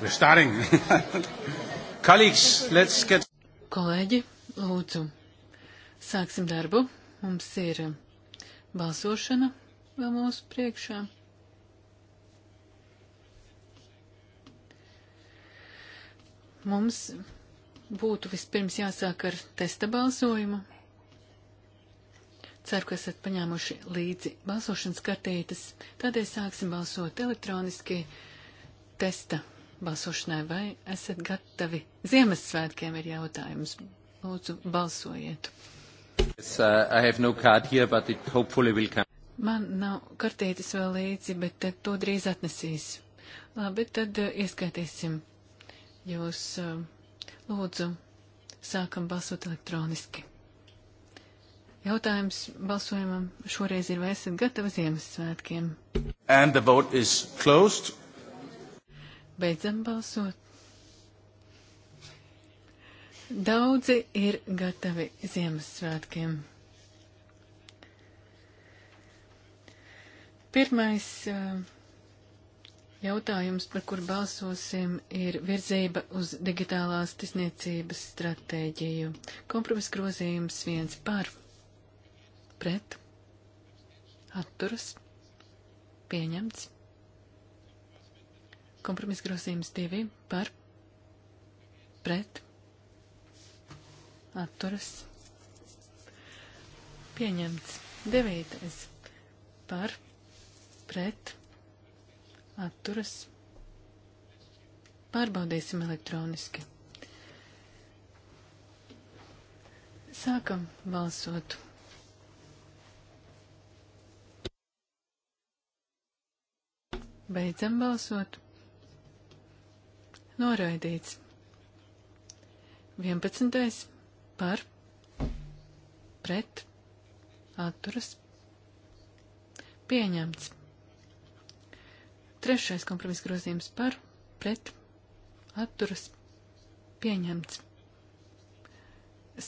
We're starting. Colleagues, let's get. Kolēģi, lūdzu, sāksim darbu. Mums ir balsošana vēl mūsu priekšā. Mums būtu vispirms jāsāk ar testa balsojumu. Ceru, ka esat paņēmuši līdzi balsošanas kartītes. Tādēļ sāksim balsot elektroniski testa balsošanai, vai esat gatavi? Ziemassvētkiem ir jautājums. Lūdzu, balsojiet. Yes, uh, no here, Man nav kartītes vēl līdzi, bet uh, to drīz atnesīs. Labi, tad uh, ieskaitīsim jūs. Uh, lūdzu, sākam balsot elektroniski. Jautājums balsojumam šoreiz ir, vai esat gatavi Ziemassvētkiem? And the vote is closed. Beidzam balsot. Daudzi ir gatavi Ziemassvētkiem. Pirmais eh, jautājums, par kur balsosim, ir virzība uz digitālās tisniecības stratēģiju. Kompromis grozījums viens par, pret, atturas, pieņemts. Kompromiss grozījums 2 par pret atturas pieņemts. 9. par pret atturas pārbaudīsim elektroniski. Sākam balsot. Beidzam balsot. Noraidīts. 11. par pret atturas pieņemts. Trešais kompromiss grozījums par pret atturas pieņemts.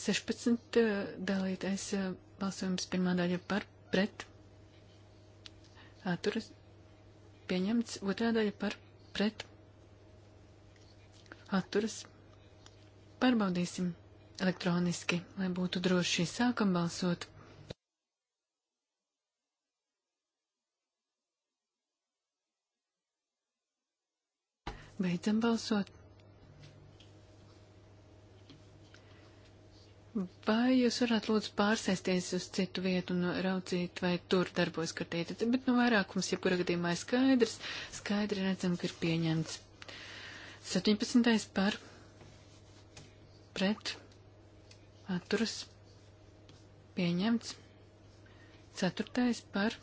16 eh, dalītais eh, balsojums pirmā daļa par pret atturas pieņemts, otrā daļa par pret atturas. Pārbaudīsim elektroniski, lai būtu droši. Sākam balsot. Beidzam balsot. Vai jūs varētu lūdzu pārsēsties uz citu vietu un raudzīt, vai tur darbojas kartīte? Bet no nu vairākums, jebkurā gadījumā, ir skaidrs. Skaidri redzam, ka ir pieņemts. 17. par pret atturas pieņemts. 4. par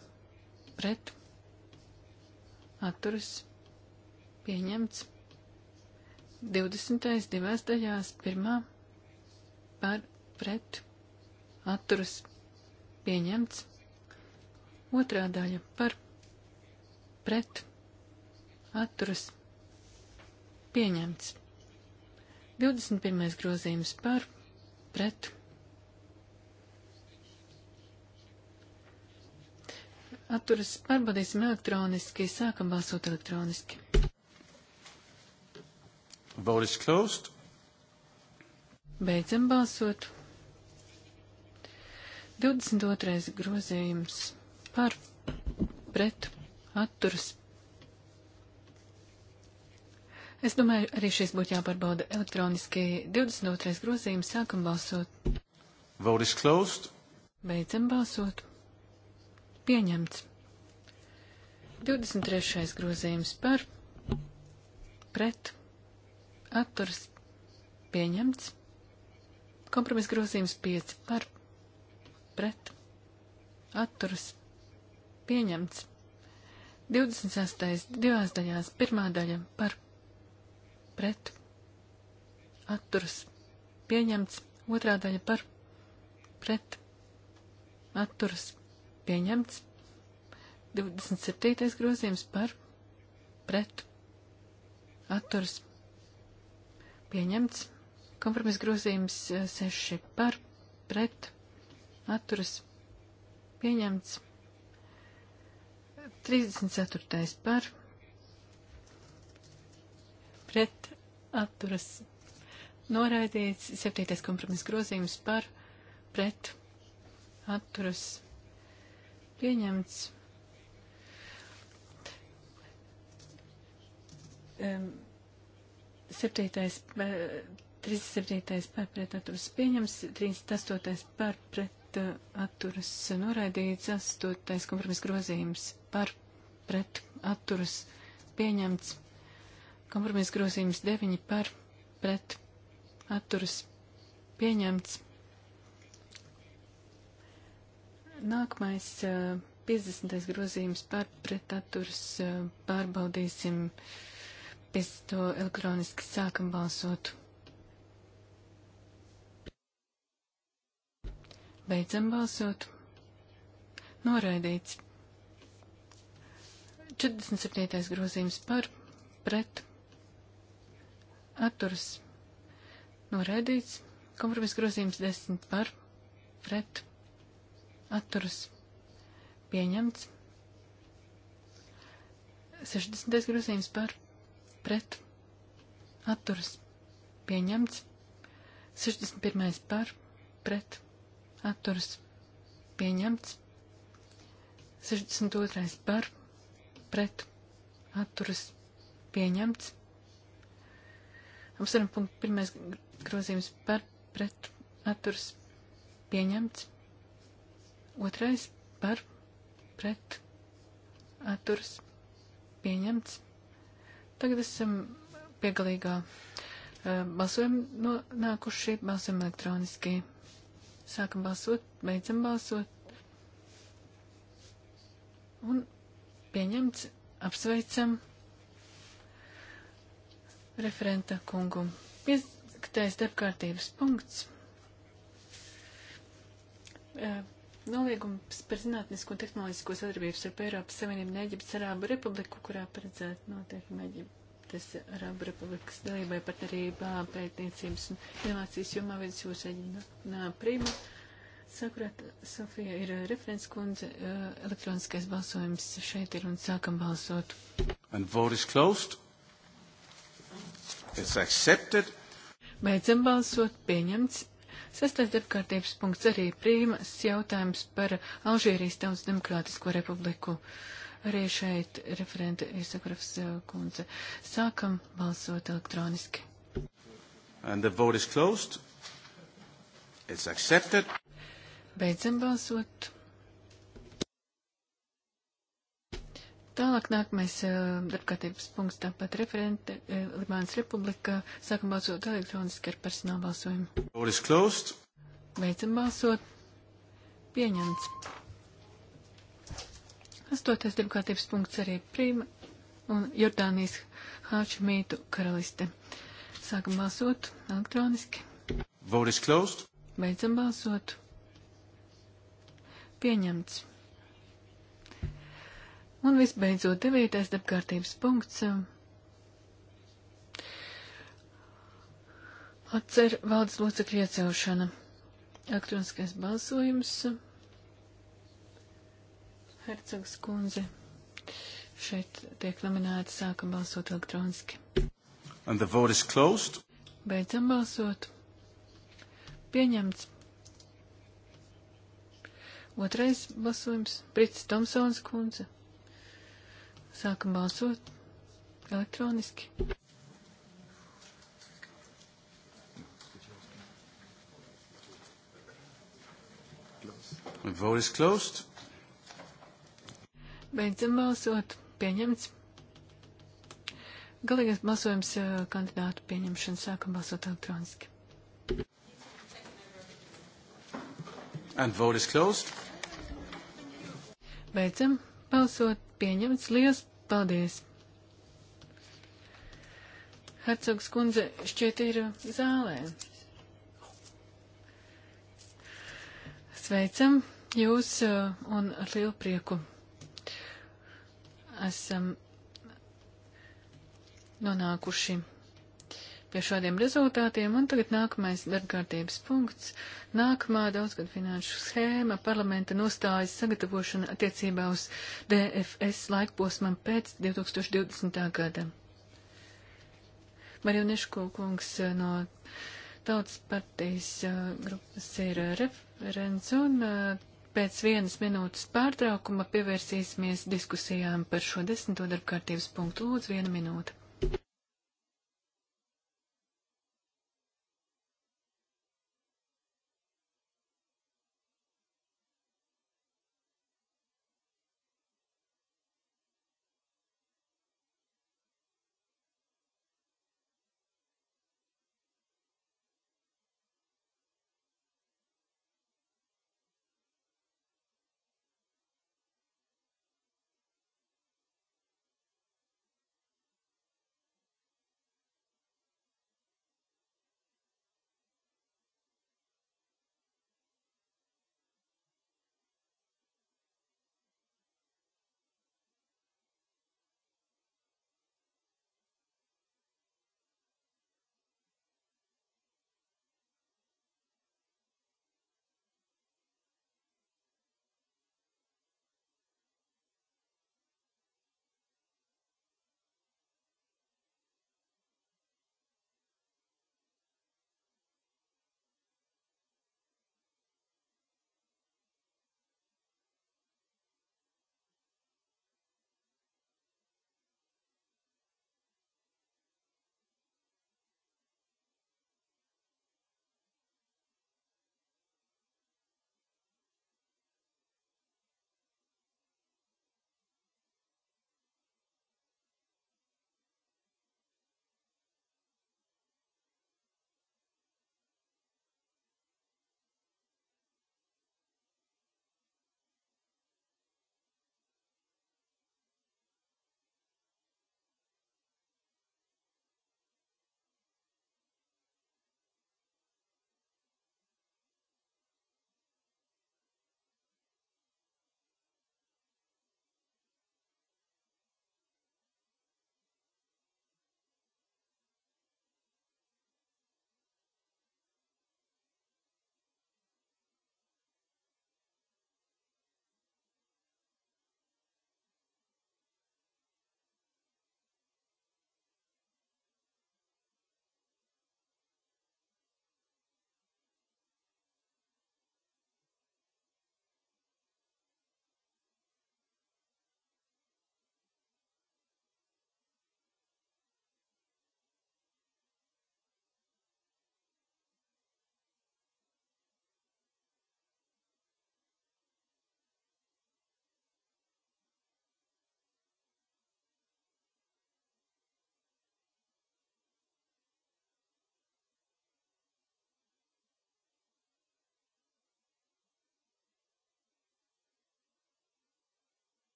pret atturas pieņemts. 20. divās daļās pirmā par pret atturas pieņemts. Otrā daļa par pret atturas pieņemts pieņemts. 21. grozījums par pret. Atturas pārbaudīsim elektroniski, sākam balsot elektroniski. Vote is closed. Beidzam balsot. 22. grozījums par pret atturas Es domāju, arī šis būtu jāpārbauda elektroniski. 22. grozījums sākam balsot. Vote is closed. Beidzam balsot. Pieņemts. 23. grozījums par, pret, atturas, pieņemts. Kompromis grozījums 5 par, pret, atturas, pieņemts. 26. divās daļās, pirmā daļa par, pret pret atturas pieņemts. Otrā daļa par pret atturas pieņemts. 27. grozījums par pret atturas pieņemts. Kompromis grozījums 6 eh, par pret atturas pieņemts. 34. par pret atturas noraidīts. Septītais kompromiss grozījums par pret atturas pieņemts. Um, septītais, 37. par pret atturas pieņems, 38. par pret atturas noraidīts, 8. kompromiss grozījums par pret atturas pieņemts. Kompromiss grozījums 9 par pret atturas pieņemts. Nākamais 50. grozījums par pret atturas pārbaudīsim. Pēc to elektroniski sākam balsot. Beidzam balsot. Noraidīts. 47. grozījums par pret atturas noraidīts. Kompromiss grozījums 10 par pret atturas pieņemts. 60. grozījums par pret atturas pieņemts. 61. par pret atturas pieņemts. 62. par pret atturas pieņemts. Mums ir punkts pirmais grozījums par pret atturs pieņemts. Otrais par pret atturs pieņemts. Tagad esam piegalīgā balsojuma nonākuši, balsojam elektroniski. Sākam balsot, beidzam balsot. Un pieņemts, apsveicam referenta kungum. Piektais darbkārtības punkts. Noliegums par zinātnisko un tehnoloģisko sadarbības ar Eiropas Savienību un Eģiptes Arābu Republiku, kurā paredzēta noteikuma Eģiptes Arābu Republikas dalībai partnerībā pētniecības un inovācijas jomā vidus jūs Eģina Prima. Sakurāt, Sofija ir referents kundze, elektroniskais balsojums šeit ir un sākam balsot. And vote is closed. It's accepted. Beidzam balsot pieņemts. Sastais darbkārtības punkts arī prīmas jautājums par Alžērijas tautas demokrātisko republiku. Arī šeit referente Isakrafs uh, kundze. Sākam balsot elektroniski. And the vote is closed. It's accepted. Beidzam balsot. Tālāk nākamais darbkārtības punkts, tāpat referente Libānas Republika. Sākam balsot elektroniski ar personālu balsojumu. Beidzam balsot. Pieņemts. Astotais darbkārtības punkts arī Prīma un Jordānijas Hāču mītu karaliste. Sākam balsot elektroniski. Vote is closed. Beidzam balsot. Pieņemts. Un visbeidzot, devītais darbkārtības punkts. Atcer valdes locekļu iecelšana. Elektroniskais balsojums. Hercogs kundze. Šeit tiek nominēta sākam balsot elektroniski. And the vote is closed. Beidzam balsot. Pieņemts. Otrais balsojums. Brits Tomsons kundze. Sākam balsot elektroniski. The vote is closed. Beidzam balsot. Pieņemts. Galīgais balsojums eh, kandidātu pieņemšana. Sākam balsot elektroniski. And vote is closed. Beidzam balsot pieņemts. Liels paldies! Hercogs kundze šķiet ir zālē. Sveicam jūs uh, un ar lielu prieku esam nonākuši pie šādiem rezultātiem. Un tagad nākamais darbkārtības punkts. Nākamā daudzgad finanšu schēma parlamenta nostājas sagatavošana attiecībā uz DFS laikposmam pēc 2020. gada. Marionešku kungs eh, no Tautas partijas eh, grupas ir eh, referents un pēc vienas minūtes pārtraukuma pievērsīsimies diskusijām par šo desmito darbkārtības punktu. Lūdzu, viena minūte.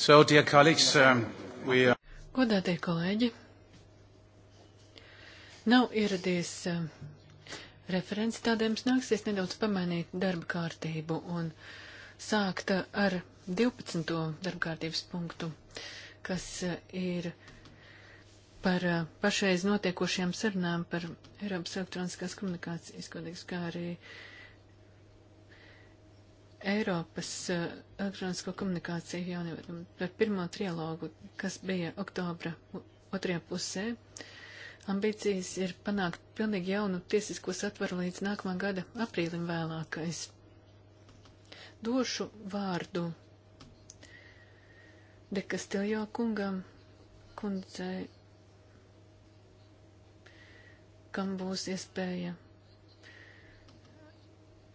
So, dear colleagues, um, we are... Uh, Godātie kolēģi, nav ieradies um, referents, tādēļ mums nāksies nedaudz pamainīt darba kārtību un sākt uh, ar 12. darba kārtības punktu, kas uh, ir par uh, pašreiz notiekošajām sarunām par Eiropas elektroniskās komunikācijas kodeksu, kā arī uh, Eiropas eh, elektronisko komunikāciju jaunievedumu par pirmo trialogu, kas bija oktobra otrajā pusē. Ambīcijas ir panākt pilnīgi jaunu tiesisko satvaru līdz nākamā gada aprīlim vēlākais. Došu vārdu Dekastiljo kungam, kundzei, kam būs iespēja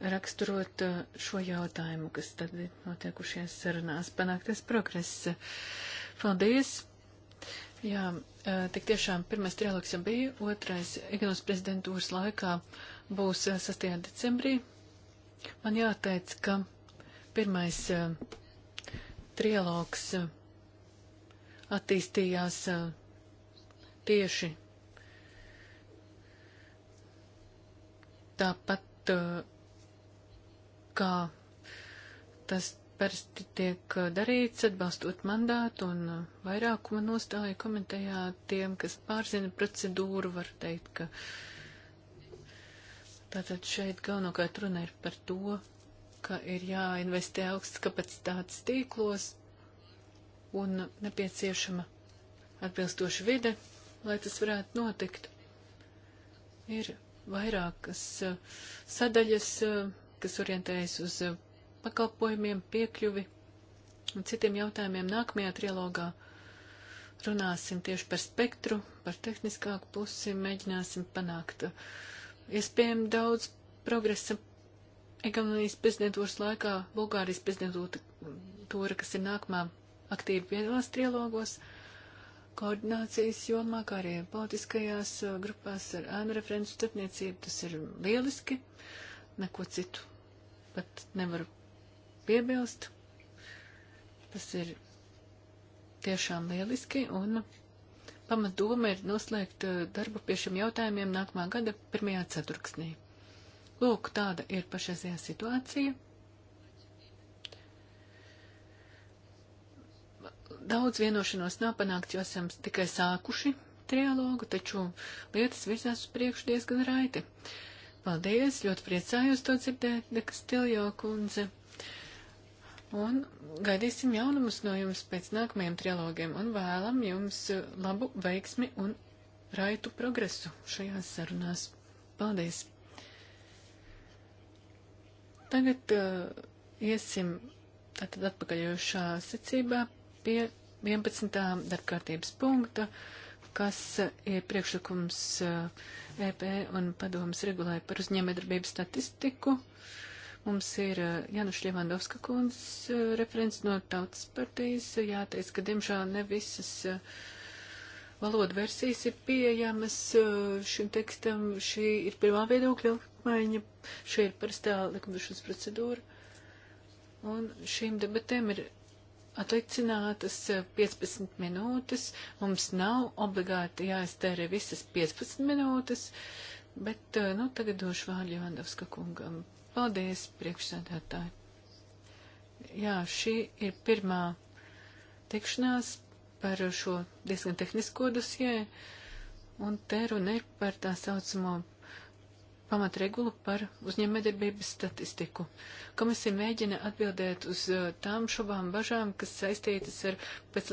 raksturot uh, šo jautājumu, kas tad ir notiekušies sarunās panāktais progress. Paldies! Jā, uh, tik tiešām pirmais trialogs jau bija, otrais Igaunijas prezidentūras laikā būs 6. Uh, decembrī. Man jāteic, ka pirmais trialogs attīstījās tieši tāpat kā tas parasti tiek uh, darīts, atbalstot mandātu un uh, vairākuma nostāju komitejā tiem, kas pārzina procedūru, var teikt, ka tātad šeit galvenokārt runa ir par to, ka ir jāinvestē augsts kapacitātes tīklos un nepieciešama atbilstoša vide, lai tas varētu notikt. Ir vairākas uh, sadaļas kas orientējas uz eh, pakalpojumiem, piekļuvi un citiem jautājumiem. Nākamajā trilogā runāsim tieši par spektru, par tehniskāku pusi, mēģināsim panākt eh, iespējami daudz progresa. Egamnijas prezidentūras laikā Bulgārijas prezidentūra, kas ir nākamā, aktīvi piedalās trilogos koordinācijas jomā, kā arī politiskajās eh, grupās ar ēnu referentu starpniecību. Tas ir lieliski, neko citu pat nevaru piebilst. Tas ir tiešām lieliski un pamatdoma ir noslēgt eh, darbu pie šiem jautājumiem nākamā gada pirmajā ceturksnī. Lūk, tāda ir pašreizējā situācija. Daudz vienošanos nav panākts, jo esam tikai sākuši trialogu, taču lietas virzās uz priekšu diezgan raiti. Uh, Paldies, ļoti priecājos to dzirdēt, Dekas Tiljo kundze. Un gaidīsim jaunumus no jums pēc nākamajiem trilogiem un vēlam jums labu veiksmi un raitu progresu šajās sarunās. Paldies! Tagad uh, iesim tātad atpakaļojušā secībā pie 11. darbkārtības punkta. Uh, kas ir eh, priekšlikums EP eh, e un padomas regulē par uzņēmējdarbību statistiku. Mums ir eh, Januš Ļevandovska kundz referents no Tautas partijas. Jāteic, ka diemžēl ne visas valodu versijas ir pieejamas šim tekstam. Šī ir pirmā viedokļa apmaiņa, šī ir parastā likumdošanas procedūra. Un šīm debatēm ir atlicinātas 15 eh, minūtes. Mums nav obligāti jāiztērē visas 15 minūtes, bet eh, nu, tagad došu vārdu Jāndavska kungam. Paldies, priekšsēdētāji! Jā, šī ir pirmā tikšanās par šo diezgan tehnisko dosiju, un te runa ir par tā saucamo pamatregulu par uzņēmējdarbības statistiku. Komisija mēģina atbildēt uz uh, tām šobām bažām, kas saistītas ar, pēc,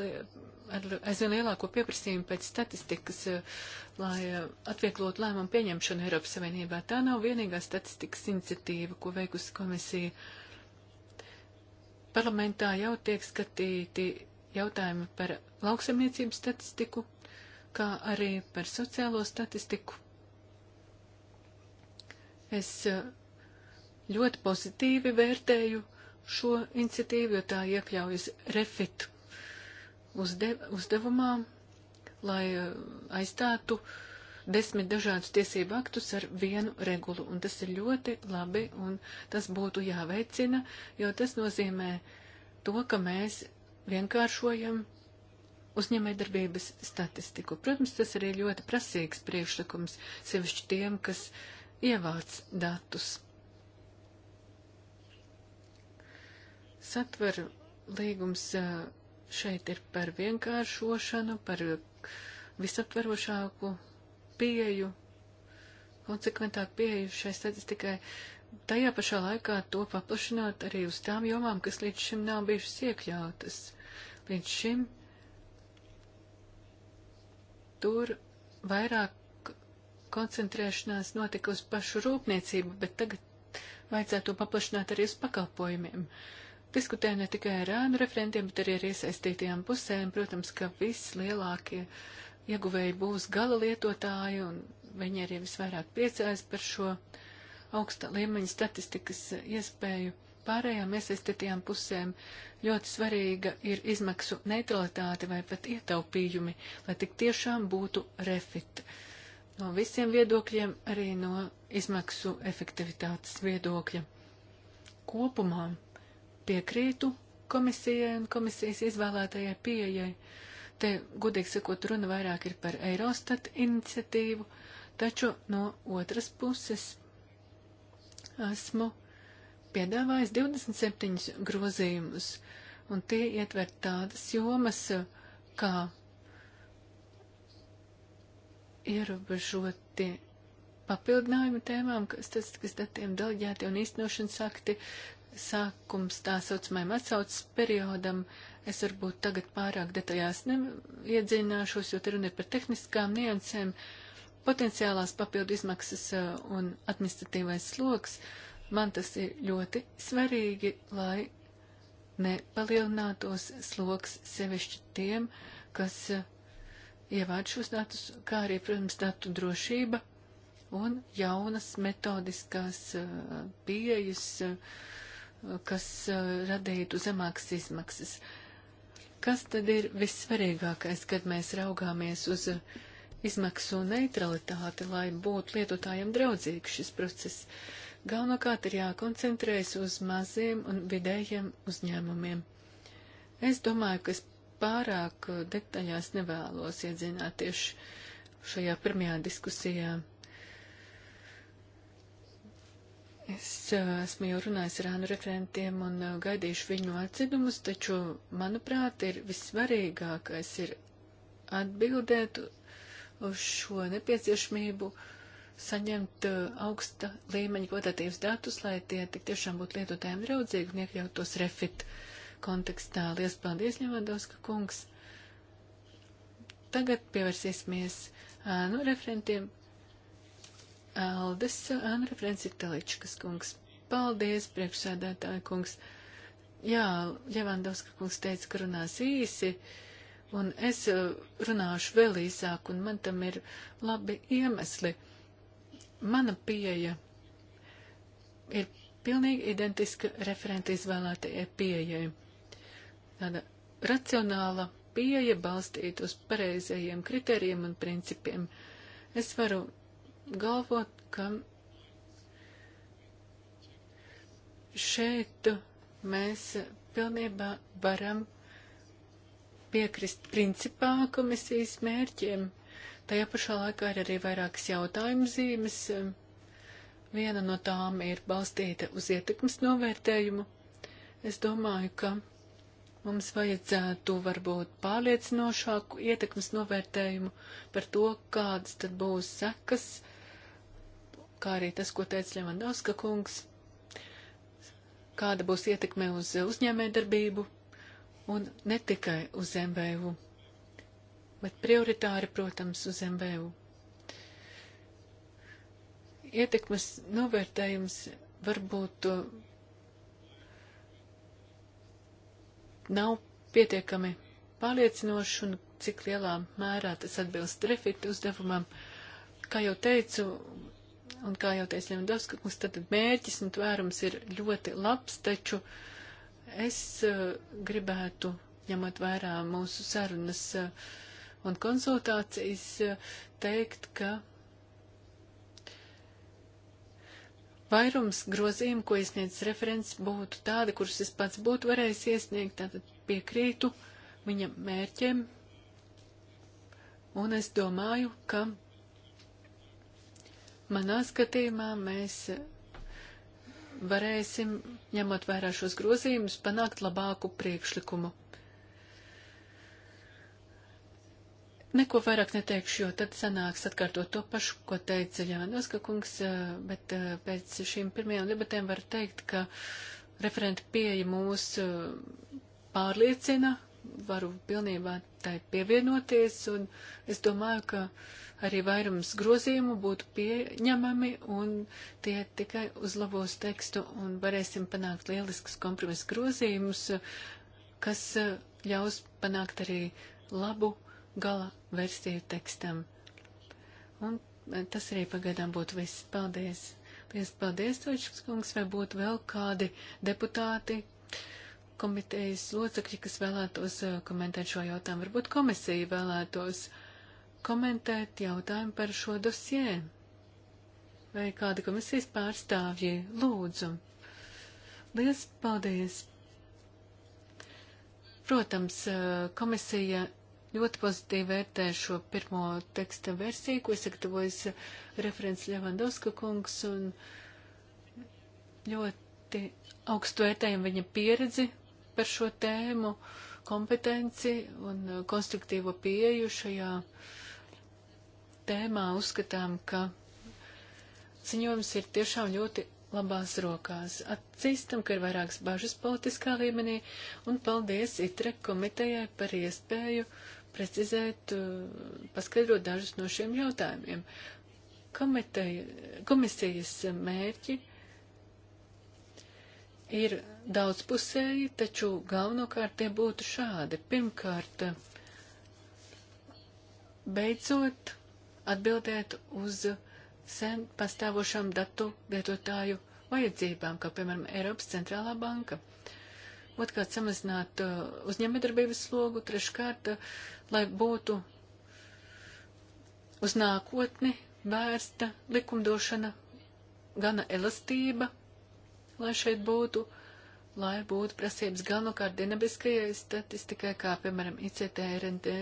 ar aizvien lielāko pieprasījumu pēc statistikas, uh, lai uh, atvieglot lēmumu pieņemšanu Eiropas Savienībā. Tā nav vienīgā statistikas iniciatīva, ko veikusi komisija. Parlamentā jau tiek skatīti jautājumi par lauksamniecības statistiku, kā arī par sociālo statistiku Es eh, ļoti pozitīvi vērtēju šo iniciatīvu, jo tā iekļaujas refit uzdev, uzdevumā, lai eh, aizstātu desmit dažādus tiesību aktus ar vienu regulu. Un tas ir ļoti labi, un tas būtu jāveicina, jo tas nozīmē to, ka mēs vienkāršojam uzņēmējdarbības statistiku. Protams, tas arī ļoti prasīgs priekšlikums, sevišķi tiem, kas uh, ievāc datus. Satveru līgums šeit ir par vienkāršošanu, par visaptverošāku pieju, konsekventāku pieju šai statistikai. Tajā pašā laikā to paplašināt arī uz tām jomām, kas līdz šim nav bijušas iekļautas. Līdz šim tur vairāk koncentrēšanās notika uz pašu rūpniecību, bet tagad vajadzētu to paplašināt arī uz pakalpojumiem. Diskutēja ne tikai ar ēnu referentiem, bet arī ar iesaistītajām pusēm. Protams, ka vislielākie ieguvēji būs gala lietotāji, un viņi arī visvairāk priecājas par šo augsta līmeņa statistikas iespēju. Pārējām iesaistītajām pusēm ļoti svarīga ir izmaksu neutralitāte vai pat ietaupījumi, lai tik tiešām būtu refit. Uh, no visiem viedokļiem, arī no izmaksu efektivitātes viedokļa. Kopumā piekrītu komisijai un komisijas izvēlētajai pieejai. Te, gudīgi sakot, runa vairāk ir par Eirostat iniciatīvu, taču no otras puses esmu piedāvājis 27 grozījumus, un tie ietver tādas jomas kā ierobežoti papildinājumi tēmām, kas tas, kas datiem delģēti un īstenošanas akti, sākums tā saucamajam atsaucas periodam. Es varbūt tagad pārāk detaļās neiedzināšos, jo te runa ir par tehniskām niansēm, potenciālās papildu izmaksas uh, un administratīvais sloks. Man tas ir ļoti svarīgi, lai nepalielinātos sloks sevišķi tiem, kas uh, ievāc šos datus, kā arī, protams, datu drošība un jaunas metodiskās uh, pieejas, uh, kas uh, radītu zemākas izmaksas. Kas tad ir vissvarīgākais, kad mēs raugāmies uz izmaksu neutralitāti, lai būtu lietotājiem draudzīgs šis process? Galvenokārt ir jākoncentrējas uz maziem un vidējiem uzņēmumiem. Es domāju, ka pārāk uh, detaļās nevēlos iedzināties šajā pirmajā diskusijā. Es uh, esmu jau runājis ar ānu referentiem un uh, gaidīšu viņu atzidumus, taču, manuprāt, ir vissvarīgākais ir atbildēt uz šo nepieciešamību saņemt augsta līmeņa kvalitatīvas datus, lai tie tik tiešām būtu lietotājiem draudzīgi un iekļautos refit uh, kontekstā. Lielas paldies, Ļevadovska kungs. Tagad pievērsīsimies nu, referentiem. Aldes, nu, referents ir Teličkas kungs. Paldies, priekšsēdētāja kungs. Jā, Ļevandovska kungs teica, ka runās īsi, un es runāšu vēl īsāk, un man tam ir labi iemesli. Mana pieeja ir pilnīgi identiska referenta izvēlētajai pieejai tāda racionāla pieeja balstīt uz pareizajiem kritērijiem un principiem. Es varu galvot, ka šeit mēs pilnībā varam piekrist principā komisijas mērķiem. Tajā pašā laikā ir arī vairākas jautājumu zīmes. Viena no tām ir balstīta uz ietekmes novērtējumu. Es domāju, ka Mums vajadzētu varbūt pārliecinošāku ietekmes novērtējumu par to, kādas tad būs sekas, kā arī tas, ko teica Ļevandovska kungs, kāda būs ietekme uz uzņēmē darbību un ne tikai uz MVU, bet prioritāri, protams, uz MVU ietekmes novērtējums varbūt nav pietiekami pārliecinošs un cik lielā mērā tas atbilst refitu uzdevumam. Kā jau teicu, un kā jau teicu Ļemdovskakums, tad mērķis un tvērums ir ļoti labs, taču es uh, gribētu, ņemot vērā mūsu sarunas uh, un konsultācijas, uh, teikt, ka Vairums grozījumu, ko iesniedz referents, būtu tādi, kurus es pats būtu varējis iesniegt, tātad piekrītu viņa mērķiem. Un es domāju, ka manā skatījumā mēs varēsim, ņemot vērā šos grozījumus, panākt labāku priekšlikumu. Neko vairāk neteikšu, jo tad sanāks atkārtot to pašu, ko teica Ļānoska kungs, eh, bet eh, pēc šīm pirmajām debatēm var teikt, ka referenta pieeja mūs eh, pārliecina, varu pilnībā tai pievienoties, un es domāju, ka arī vairums grozījumu būtu pieņemami, un tie tikai uzlabos tekstu, un varēsim panākt lieliskus kompromisu grozījumus, kas ļaus panākt arī labu gala versiju tekstam. Un eh, tas arī pagaidām būtu viss. Paldies! Paldies, paldies Točs kungs, vai būtu vēl kādi deputāti, komitejas locekļi, kas vēlētos eh, komentēt šo jautājumu? Varbūt komisija vēlētos komentēt jautājumu par šo dosjē. Vai kādi komisijas pārstāvji lūdzu? Liels paldies! Protams, eh, komisija ļoti pozitīvi vērtē šo pirmo teksta versiju, ko sagatavojas referents Ļevandovska kungs, un ļoti augstu vērtējam viņa pieredzi par šo tēmu, kompetenci un konstruktīvo pieeju šajā tēmā. Uzskatām, ka ziņojums ir tiešām ļoti labās rokās. Atzīstam, ka ir vairākas bažas politiskā līmenī, un paldies ITRE komitejai par iespēju uh, precizēt, uh, paskaidrot dažus no šiem jautājumiem. Komiteja, komisijas mērķi ir daudzpusēji, taču galvenokārt tie būtu šādi. Pirmkārt, beidzot atbildēt uz sen pastāvošām datu lietotāju vajadzībām, kā piemēram Eiropas centrālā banka otrkārt samazināt uh, uzņēmējdarbības slogu, treškārt, uh, lai būtu uz nākotni vērsta likumdošana, gana elastība, lai šeit būtu, lai būtu prasības galvenokārt dinabiskajai statistikai, kā piemēram ICT, RND,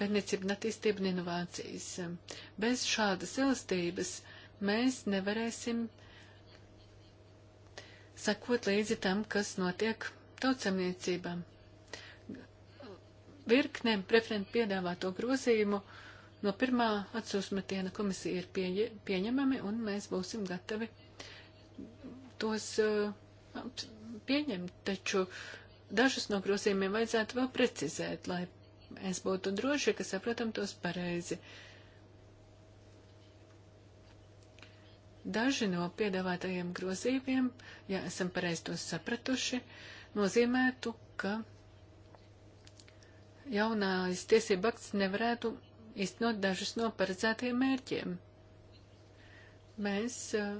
pērniecība, uh, attīstība un inovācijas. Bez šādas elastības mēs nevarēsim uh, sakot līdzi tam, kas notiek tautsamniecībām. Virknēm preferenti piedāvāto grozījumu no pirmā atsūsmetiena komisija ir pieņ pieņemami, un mēs būsim gatavi tos uh, pieņemt, taču dažus no grozījumiem vajadzētu vēl precizēt, lai mēs būtu droši, ka saprotam tos pareizi. Uh, Daži no piedāvātajiem grozījumiem, ja esam pareizi tos sapratuši, nozīmētu, ka jaunās tiesība akts nevarētu iznot dažus no paredzētajiem mērķiem. Mēs uh,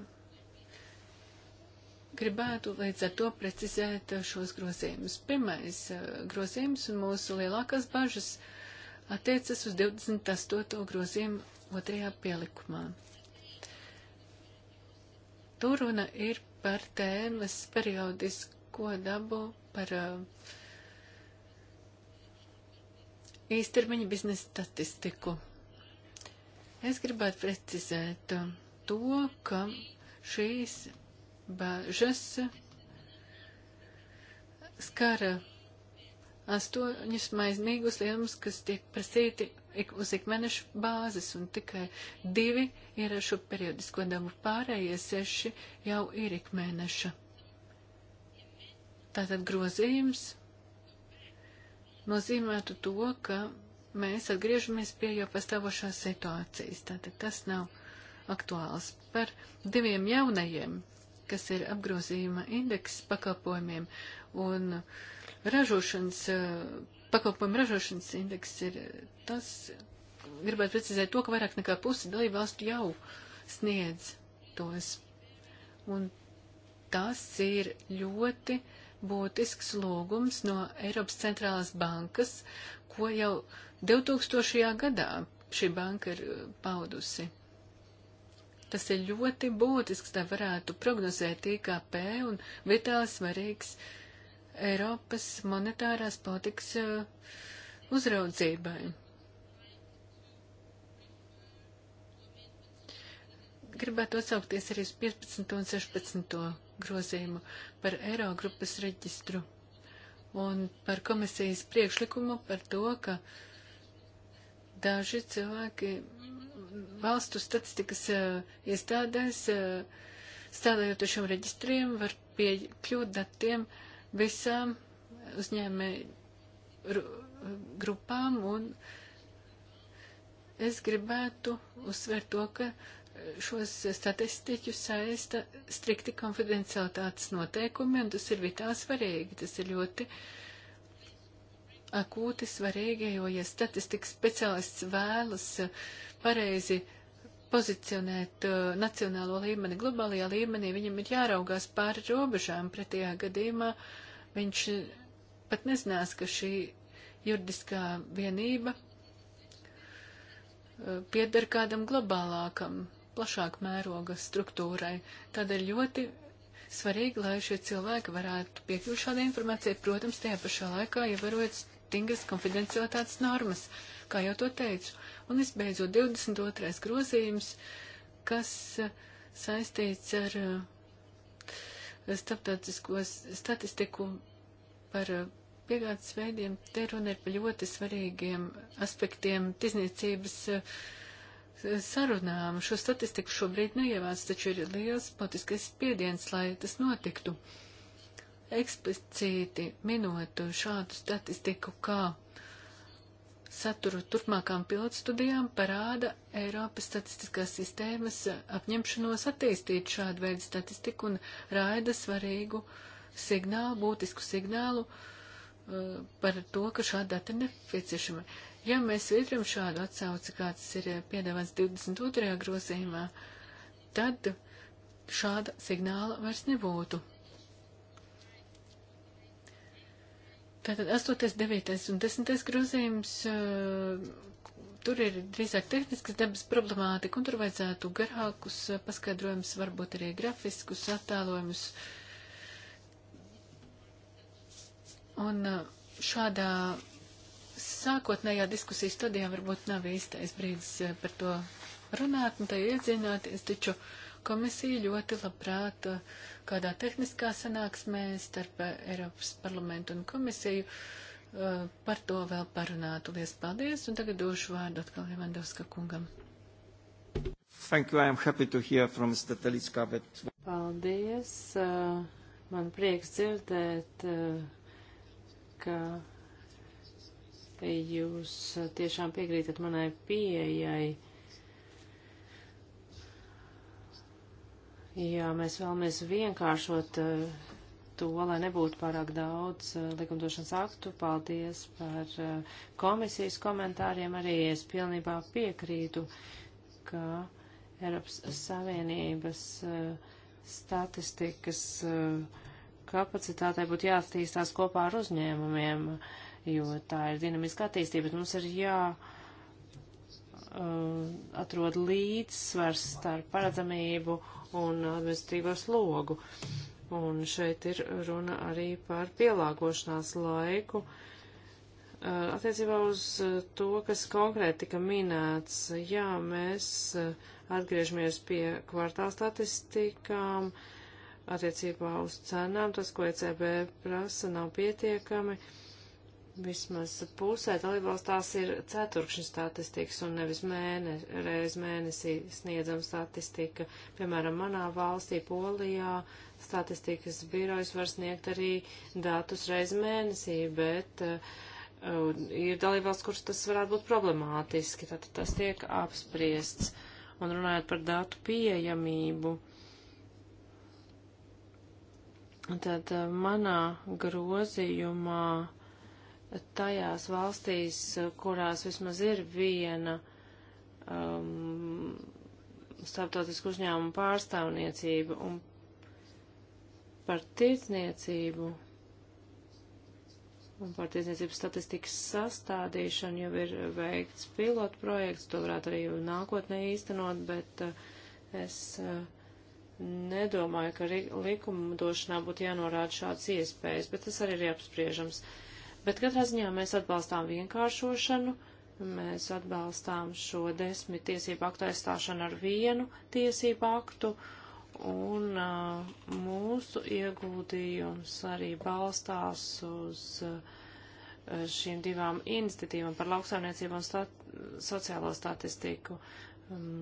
gribētu līdz ar to precizēt eh, šos grozījumus. Pirmais uh, grozījums un mūsu lielākās bažas attiecas uz 28. grozījumu otrajā pielikumā. Tur runa ir par tēmas periodisko dabu, par uh, īstermiņa biznesa statistiku. Es gribētu precizēt um, to, ka šīs bāžas skara astoņus maizmīgus lielumus, kas tiek prasīti ik, uz ikmēnešu bāzes, un tikai divi ir ar šo periodisko dabu pārējie seši jau ir ikmēneša. Tātad grozījums nozīmētu to, ka mēs atgriežamies pie jau pastāvošās situācijas. Tātad tas nav aktuāls. Par diviem jaunajiem, kas ir apgrozījuma indeks pakalpojumiem un ražošanas pakalpojumu ražošanas indeks ir eh, tas, gribētu precizēt to, ka vairāk nekā pusi dalību valstu jau sniedz tos. Un tas ir ļoti būtisks lūgums no Eiropas centrālās bankas, ko jau 2000. gadā šī banka ir eh, paudusi. Tas ir ļoti būtisks, lai varētu prognozēt IKP un vitāli svarīgs uh, Eiropas monetārās politikas eh, uzraudzībai. Gribētu atsaukties arī uz 15. un 16. grozījumu par Eirogrupas reģistru un par komisijas priekšlikumu par to, ka daži cilvēki valstu statistikas uh, iestādēs, uh, eh, stādējot uz šiem reģistriem, var piekļūt datiem uh, visām uzņēmēju grupām, un es gribētu uzsvērt to, ka šos statistiķus saista strikti konfidencialitātes noteikumi, un tas ir vitāli svarīgi. Tas ir ļoti akūti svarīgi, jo, ja statistikas speciālists vēlas pareizi pozicionēt uh, nacionālo līmeni, globālajā līmenī, viņam ir jāraugās pāri robežām, pretējā gadījumā uh, Viņš eh, pat nezinās, ka šī juridiskā vienība eh, pieder kādam globālākam, plašāk mēroga struktūrai. Tādēļ ļoti svarīgi, lai šie cilvēki varētu piekļūt šādai informācijai, protams, tajā pašā laikā ievērojot ja stingras konfidencialitātes normas, kā jau to teicu. Un visbeidzot, 22. grozījums, kas eh, saistīts ar uh, starptautisko statistiku par uh, piegādes veidiem, te runa ir par ļoti svarīgiem aspektiem tirzniecības uh, sarunām. Šo statistiku šobrīd neievāc, taču ir liels politiskais spiediens, lai tas notiktu. Eksplicīti minot šādu statistiku kā saturu turpmākām pilotstudijām parāda Eiropas statistiskās sistēmas apņemšanos attīstīt šādu veidu statistiku un raida svarīgu signālu, būtisku signālu uh, par to, ka šāda data ir nepieciešama. Ja mēs vidrim šādu atsauci, kāds ir piedāvāts 22. grozījumā, tad šāda signāla vairs nebūtu. Tātad 8., 9. un 10. grozījums, uh, tur ir drīzāk tehniskas dabas problemātika, un tur vajadzētu garākus uh, paskaidrojumus, varbūt arī grafiskus attēlojumus. Un uh, šādā sākotnējā diskusijas stadijā varbūt nav īstais brīdis par to runāt un tai iedzināties, taču. Uh, Komisija ļoti labprāt eh, kādā tehniskā sanāksmē starp eh, Eiropas parlamentu un komisiju eh, par to vēl parunātu. Lies paldies, un tagad došu vārdu atkal Levandovska kungam. Thank you. I am happy to hear from Mr. Teliska, but... Paldies. Man prieks dzirdēt, ka jūs tiešām piekrītat manai pieejai Jā, mēs vēlamies vienkāršot eh, to, lai nebūtu pārāk daudz eh, likumdošanas aktu. Paldies par eh, komisijas komentāriem. Arī es pilnībā piekrītu, ka Eiropas Savienības statistikas kapacitātei būtu jāattīstās kopā ar uzņēmumiem, jo tā ir dinamiska attīstība, bet mums ir jā. Uh, Uh, atrod līdzsvars starp paredzamību un administratīvo slogu. Un šeit ir runa arī par pielāgošanās laiku uh, attiecībā uz uh, to, kas konkrēti tika minēts. Jā, mēs atgriežamies pie kvartāla statistikām attiecībā uz cenām. Tas, ko ECB prasa, nav pietiekami. Uh, Vismaz pusē dalībvalstās ir ceturkšņa statistikas un nevis mēne, reiz mēnesī sniedzam statistika. Piemēram, manā valstī, Polijā, statistikas birojas var sniegt arī datus reiz mēnesī, bet uh, ir dalībvalsts, kurš tas varētu būt problemātiski, tad tas tiek apspriests. Un runājot par datu pieejamību, tad uh, manā grozījumā tajās valstīs, kurās vismaz ir viena um, starptautisku uzņēmumu pārstāvniecība un par tirdzniecību un par tirdzniecības statistikas sastādīšanu jau ir veikts pilotu projekts, to varētu arī nākotnē īstenot, bet uh, es uh, nedomāju, ka likumdošanā būtu jānorāda šādas iespējas, bet tas arī ir apspriežams. Uh, Bet katrā ziņā mēs atbalstām vienkāršošanu, mēs atbalstām šo desmit tiesību aktu aizstāšanu ar vienu tiesību aktu, un uh, mūsu ieguldījums arī balstās uz uh, šīm divām iniciatīvām par lauksaimniecību un stat sociālo statistiku. Um,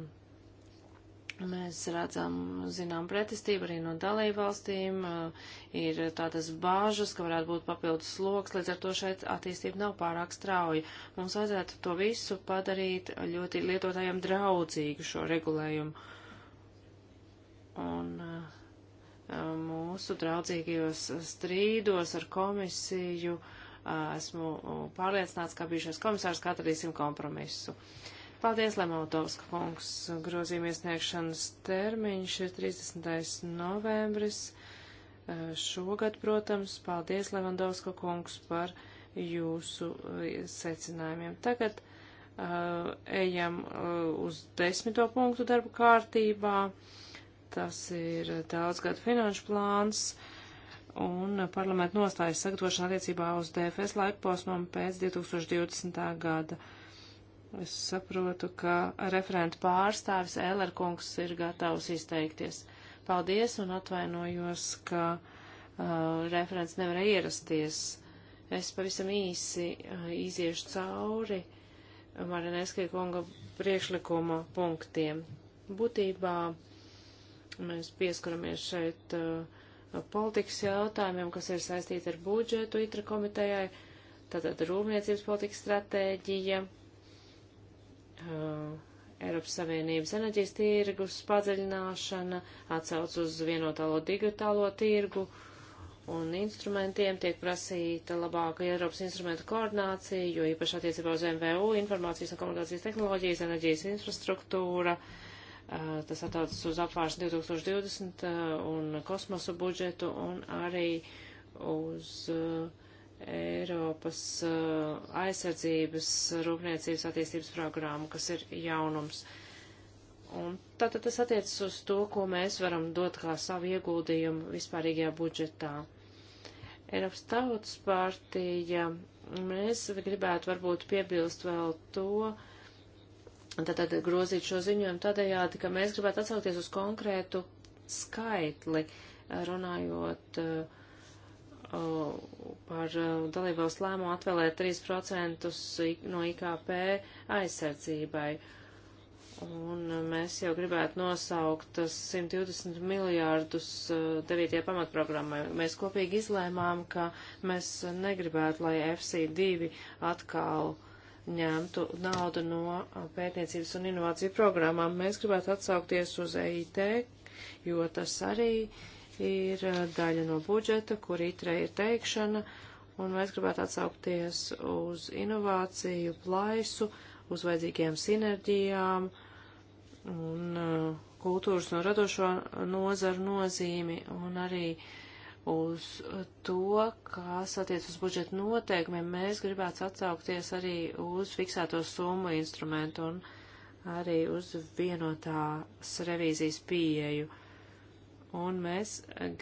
Mēs redzam, zinām, pretestību arī no dalībvalstīm, eh, ir tādas bāžas, ka varētu būt papildus sloks, līdz ar to šeit attīstība nav pārāk strauja. Mums vajadzētu to visu padarīt ļoti lietotājiem draudzīgu šo regulējumu. Un eh, mūsu draudzīgajos strīdos ar komisiju eh, esmu pārliecināts, ka bijušais komisārs atradīsim kompromisu. Uh, Paldies, Lemotovska kungs. Grozījuma iesniegšanas termiņš ir 30. novembris šogad, protams. Paldies, Levandovska kungs, par jūsu secinājumiem. Tagad uh, ejam uz desmito punktu darba kārtībā. Tas ir daudzgad finanšu plāns un parlamentu nostājas sagatavošana attiecībā uz DFS laikposmam pēc 2020. gada. Uh, Es saprotu, ka referentu pārstāvis Ēlerkungs ir gatavs izteikties. Paldies un atvainojos, ka uh, referents nevarēja ierasties. Es pavisam īsi uh, iziešu cauri Marineskie kunga priekšlikuma punktiem. Būtībā mēs pieskaramies šeit uh, politikas jautājumiem, kas ir saistīti ar budžetu itra komitejai, tātad rūpniecības politikas stratēģija, uh, Eiropas Savienības enerģijas tirgus padziļināšana, atsauc uz vienotālo digitālo tirgu un instrumentiem tiek prasīta labāka Eiropas instrumentu koordinācija, jo īpaši attiecībā uz MVU informācijas un komunikācijas tehnoloģijas, enerģijas infrastruktūra, uh, tas attiecas uz apvārs 2020 uh, un kosmosu budžetu un arī uz uh, Eiropas uh, aizsardzības rūpniecības attīstības programmu, kas ir jaunums. Un tātad tas attiecas uz to, ko mēs varam dot kā savu ieguldījumu vispārīgajā budžetā. Eiropas tautas partija, mēs gribētu varbūt piebilst vēl to, tātad grozīt šo ziņojumu tādējādi, ka mēs gribētu atsaukties uz konkrētu skaitli, runājot uh, par uh, dalībvalsts lēmumu atvēlēt 3% no IKP aizsardzībai. Un mēs jau gribētu nosaukt 120 miljārdus 9. Uh, pamatprogrammai. Mēs kopīgi izlēmām, ka mēs negribētu, lai FC2 atkal ņemtu naudu no uh, pētniecības un inovāciju programmām. Mēs gribētu atsaukties uz EIT, jo tas arī uh, ir uh, daļa no budžeta, kur itre ir teikšana, un mēs gribētu atsaukties uz inovāciju plaisu, uz vajadzīgiem sinerģijām un uh, kultūras un radošo nozaru nozīmi un arī uz to, kas attiec uz budžeta noteikumiem, mēs gribētu atsaukties arī uz fiksēto summu instrumentu un arī uz vienotās revīzijas pieeju. Uh, un mēs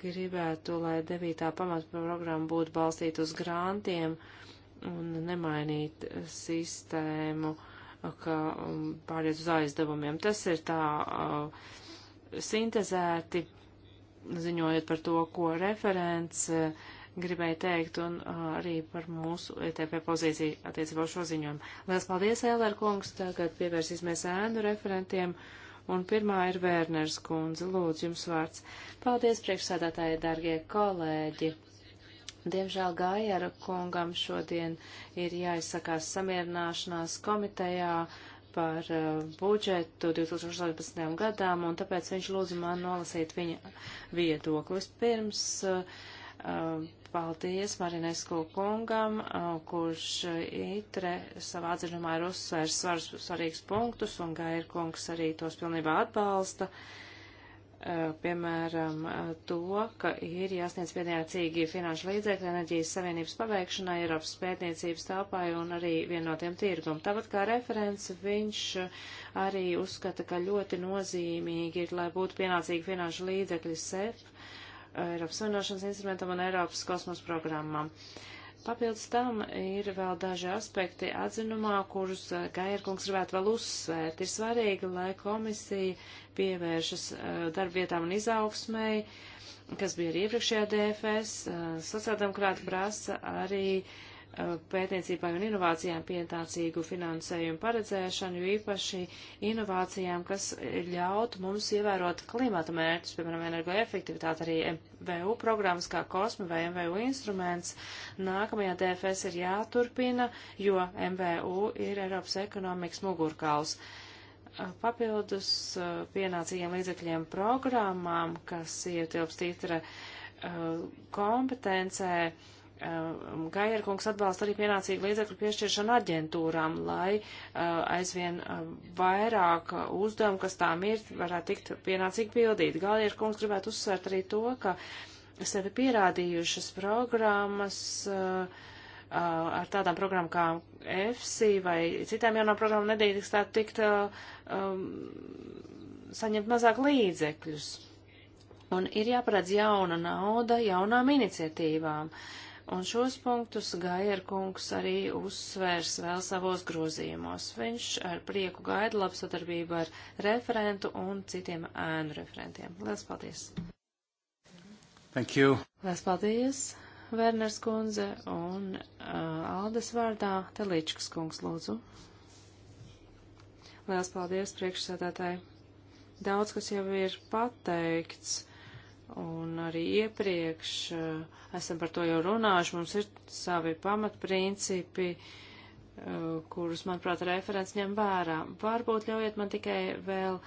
gribētu, lai devītā pamatprogramma būtu balstīta uz grantiem un nemainīt sistēmu, ka um, pāriet uz aizdevumiem. Tas ir tā uh, sintezēti, ziņojot par to, ko referents uh, gribēja teikt, un uh, arī par mūsu ETP pozīciju attiecībā uz šo ziņojumu. Lielas paldies, Ēlēr kungs, tagad pievērsīsimies ēnu referentiem. Uh, un pirmā ir Vērners kundze. Lūdzu, jums vārds. Paldies, priekšsādātāji, dargie kolēģi. Diemžēl Gājara kungam šodien ir jāizsakās samierināšanās komitejā par uh, budžetu 2018. gadām, un tāpēc viņš lūdza man nolasīt viņa viedokli. Vispirms uh, uh, Paldies Marinesku kungam, kurš itre savā atzinumā ir uzsvērs svarus, svarīgs punktus, un Gair kungs arī tos pilnībā atbalsta. Piemēram, to, ka ir jāsniedz pienācīgi finanšu līdzekļi enerģijas savienības paveikšanai, Eiropas pētniecības telpai un arī vienotiem tirgum. Tāpat kā referents, viņš arī uzskata, ka ļoti nozīmīgi ir, lai būtu pienācīgi finanšu līdzekļi SEF Eiropas Savienošanas instrumentam un Eiropas kosmosa programmām. Papildus tam ir vēl daži aspekti atzinumā, kurus eh, Gairkungs gribētu vēl uzsvērt. Ir svarīgi, lai komisija pievēršas eh, darbvietām un izaugsmēji, kas bija arī iepriekšējā DFS. Eh, sociāldemokrāti prasa arī uh, Uh, pētniecībai un inovācijām pietācīgu finansējumu paredzēšanu, jo īpaši inovācijām, kas ļautu mums ievērot klimata mērķus, piemēram, energoefektivitāti, arī VU programmas kā kosmi vai MVU instruments. Nākamajā DFS ir jāturpina, jo MVU ir Eiropas ekonomikas mugurkauls uh, papildus uh, pienācīgiem līdzekļiem programmām, kas ietilpst itra kompetencē, Um, Gairkungs atbalsta arī pienācīgu līdzekļu piešķiršanu aģentūrām, lai uh, aizvien uh, vairāk uzdevumu, kas tām ir, varētu tikt pienācīgi pildīt. Gairkungs gribētu uzsvērt arī to, ka sevi pierādījušas programmas uh, ar tādām programmām kā EFSI vai citām jaunām programmām nedrīkstētu tikt um, saņemt mazāk līdzekļus. Un ir jāparedz jauna nauda jaunām iniciatīvām. Uh, Un šos punktus Gajer kungs arī uzsvērs vēl savos grozījumos. Viņš ar prieku gaida labu sadarbību ar referentu un citiem ēnu referentiem. Lielas paldies! Thank you! Lielas paldies, Verners kundze, un uh, Aldes vārdā Telīčkas kungs lūdzu. Lielas paldies, priekšsēdētāji! Daudz, kas jau ir pateikts Un arī iepriekš eh, esam par to jau runājuši, mums ir savi pamatprincipi, eh, kurus, manuprāt, referents ņem vērā. Varbūt ļaujiet man tikai vēl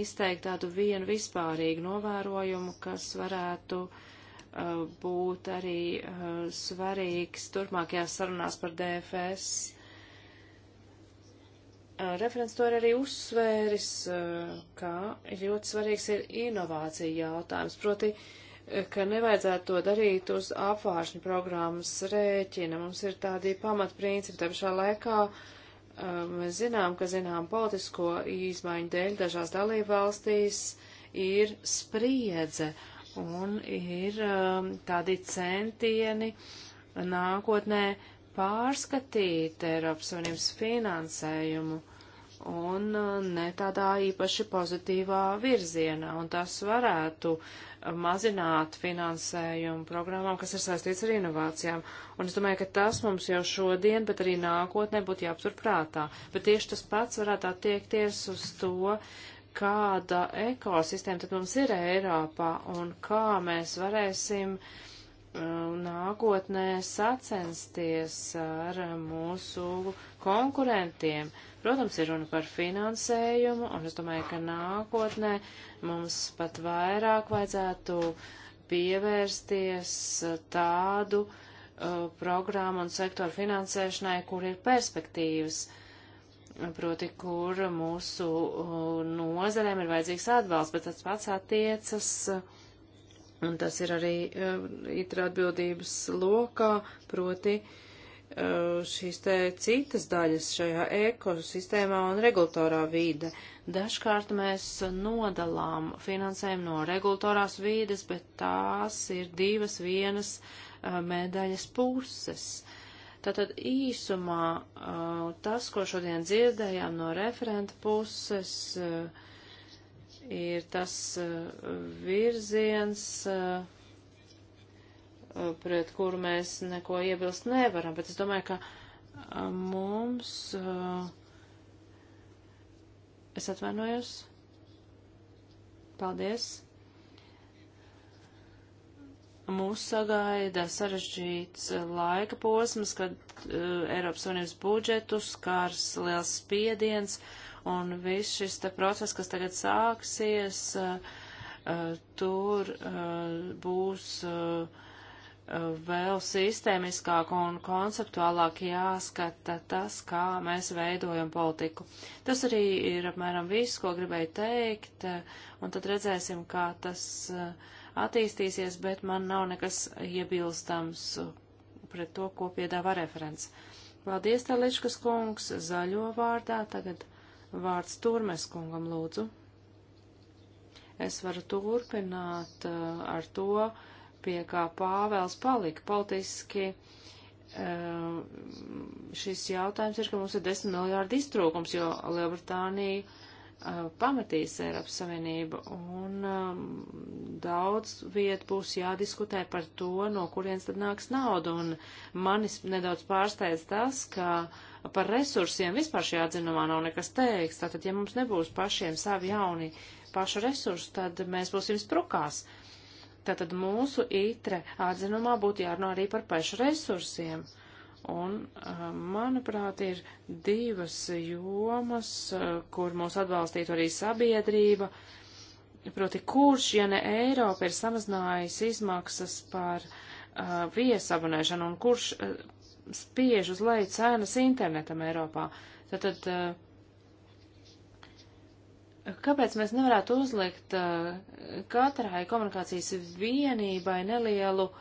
izteikt tādu vienu vispārīgu novērojumu, kas varētu eh, būt arī svarīgs turpmākajās sarunās par DFS Referents to ir arī uzsvēris, ka ļoti svarīgs ir inovācija jautājums, proti, ka nevajadzētu to darīt uz apvāršņu programmas rēķina. Mums ir tādi pamatprincipi, tā pašā laikā mēs zinām, ka zinām politisko izmaiņu dēļ dažās dalībvalstīs ir spriedze un ir tādi centieni nākotnē pārskatīt Eiropas Savienības finansējumu un uh, ne tādā īpaši pozitīvā virzienā, un tas varētu mazināt finansējumu programmām, kas ir saistīts ar inovācijām. Un es domāju, ka tas mums jau šodien, bet arī nākotnē būtu jāaptur prātā. Bet tieši tas pats varētu attiekties uz to, kāda ekosistēma tad mums ir Eiropā un kā mēs varēsim uh, Uh, nākotnē sacensties ar mūsu konkurentiem. Protams, ir runa par finansējumu, un es domāju, ka nākotnē mums pat vairāk vajadzētu pievērsties tādu uh, programmu un sektoru finansēšanai, kur ir perspektīvas, proti, kur mūsu uh, nozarēm ir vajadzīgs atbalsts, bet tas pats attiecas uh, Un tas ir arī uh, itra atbildības lokā, proti uh, šīs te citas daļas šajā ekosistēmā un regulatorā vīde. Dažkārt mēs nodalām finansējumu no regulatorās vīdes, bet tās ir divas vienas uh, medaļas puses. Tātad īsumā uh, tas, ko šodien dzirdējām no referenta puses, uh, ir tas uh, virziens, uh, uh, pret kuru mēs neko iebilst nevaram, bet es domāju, ka mums, es atvainojos, paldies, mūs sagaida sarežģīts laika posms, kad Eiropas Savienības budžetu skars liels spiediens, uh, Un viss šis process, kas tagad sāksies, eh, eh, tur eh, būs vēl sistēmiskāk un konceptuālāk jāskata tas, kā mēs veidojam politiku. Tas arī ir apmēram viss, ko gribēju teikt, un tad redzēsim, kā tas attīstīsies, bet man nav nekas iebilstams pret to, ko piedāvā referents. Paldies, Teliškas kungs, zaļo vārdā tagad. Vārds Turmes kungam lūdzu. Es varu turpināt uh, ar to, pie kā Pāvēls palika politiski. Uh, šis jautājums ir, ka mums ir 10 miljārdi iztrūkums, jo Lielbritānija Uh, pamatīs Eiropas Savienību, un um, daudz viet būs jādiskutē par to, no kurienes tad nāks nauda, un manis nedaudz pārsteidz tas, ka par resursiem vispār šajā atzinumā nav nekas teiks, tātad, ja mums nebūs pašiem savi jauni pašu resursi, tad mēs būsim sprukās. Tātad mūsu itre atzinumā būtu jārunā arī par pašu resursiem. Uh, Un, eh, manuprāt, ir divas jomas, eh, kur mūs atbalstītu arī sabiedrība. Proti, kurš, ja ne Eiropa, ir samazinājis izmaksas par uh, viesabonēšanu un kurš uh, spiež uz leju cenas internetam Eiropā? Tātad, uh, kāpēc mēs nevarētu uzlikt uh, katrai komunikācijas vienībai nelielu uh,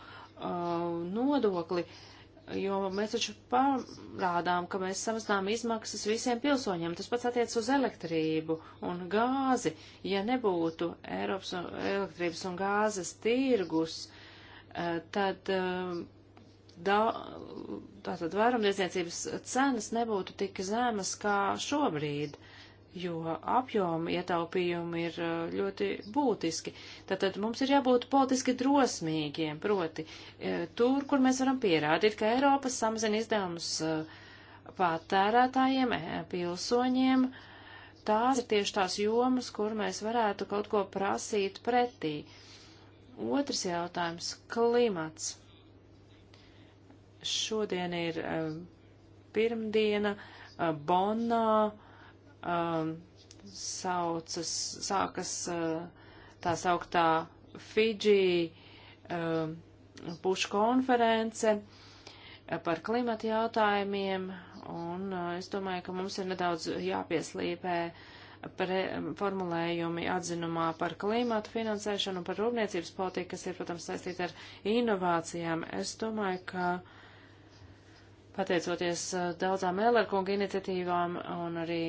nodokli? Uh, jo mēs taču parādām, ka mēs samazinām izmaksas visiem pilsoņiem. Tas pats attiec uz elektrību un gāzi. Ja nebūtu Eiropas un, elektrības un gāzes tirgus, eh, tad eh, da, tātad vairumtirdzniecības cenas nebūtu tik zemas kā šobrīd. Uh, jo apjoma ietaupījumi ir uh, ļoti būtiski. Tātad mums ir jābūt politiski drosmīgiem, proti uh, tur, kur mēs varam pierādīt, ka Eiropas samazina izdevumus uh, patērētājiem, e, pilsoņiem. Tās ir tieši tās jomas, kur mēs varētu kaut ko prasīt pretī. Otrs jautājums - klimats. Šodien ir pirmdiena Bonnā um, saucas, sākas uh, tā sauktā Fidži um, pušu konference uh, par klimata jautājumiem, un uh, es domāju, ka mums ir nedaudz jāpieslīpē pre, formulējumi atzinumā par klimatu finansēšanu un par rūpniecības politiku, kas ir, protams, saistīta ar inovācijām. Es domāju, ka uh, pateicoties uh, daudzām Mēlerkunga iniciatīvām, un arī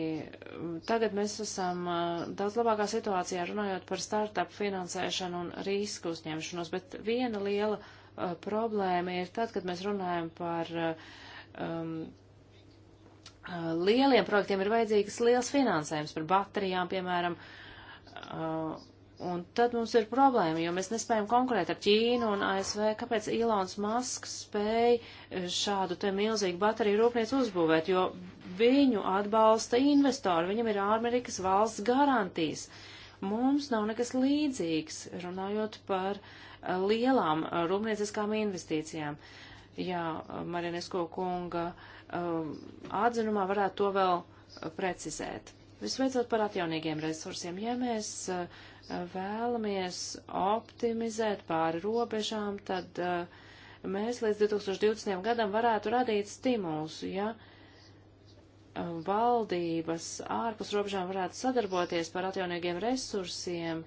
um, tagad mēs esam uh, daudz labākā situācijā runājot par startup finansēšanu un risku uzņemšanos, bet viena liela uh, problēma ir tad, kad mēs runājam par uh, um, lieliem projektiem, ir vajadzīgs liels finansējums par baterijām, piemēram, uh, Un tad mums ir problēma, jo mēs nespējam konkurēt ar Ķīnu un ASV. Kāpēc Ilons Masks spēja eh, šādu te milzīgu bateriju rūpnieci uzbūvēt? Jo viņu atbalsta investori, viņam ir Amerikas valsts garantijas. Mums nav nekas līdzīgs, runājot par eh, lielām eh, rūpnieciskām investīcijām. Jā, Marinesko kunga atzinumā varētu to vēl precizēt. Visbeidzot par atjaunīgiem resursiem. Ja mēs eh, vēlamies optimizēt pāri robežām, tad eh, mēs līdz 2020. gadam varētu radīt stimulus, ja eh, valdības ārpus robežām varētu sadarboties par atjaunīgiem resursiem,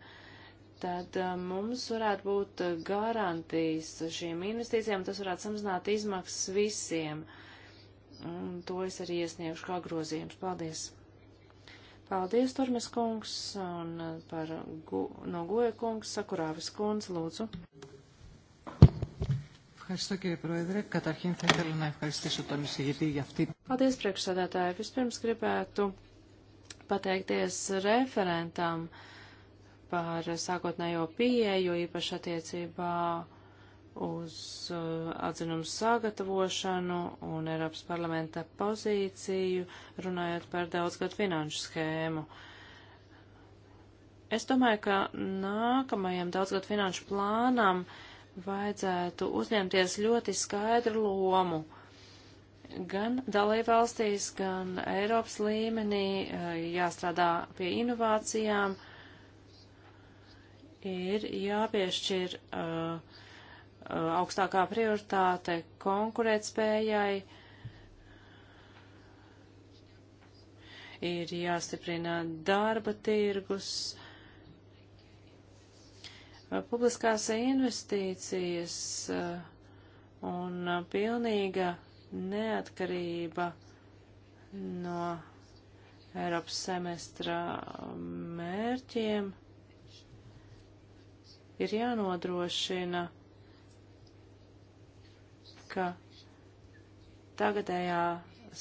tad mums varētu būt garantijas šīm investīcijām, tas varētu samazināt izmaksas visiem. Un to es arī iesniegšu kā grozījums. Paldies! Paldies, Turmes kungs, un uh, par gu, no goja kungs, Sakurāvis kungs, lūdzu. Ευχαριστώ κύριε Πρόεδρε. Καταρχήν θα ήθελα να ευχαριστήσω τον εισηγητή για αυτή. Paldies, priekšsēdētāji. Vispirms gribētu pateikties referentam par sākotnējo pieeju, īpaši attiecībā uz uh, atzinumu sagatavošanu un Eiropas parlamenta pozīciju, runājot par daudzgad finanšu schēmu. Es domāju, ka nākamajam daudzgad finanšu plānam vajadzētu uzņemties ļoti skaidru lomu gan dalībvalstīs, gan Eiropas līmenī uh, jāstrādā pie inovācijām, ir jāpiešķir uh, Uh, augstākā prioritāte konkurētspējai ir jāstiprina darba tirgus, uh, publiskās investīcijas uh, un pilnīga neatkarība no Eiropas semestra mērķiem ir jānodrošina ka tagadējā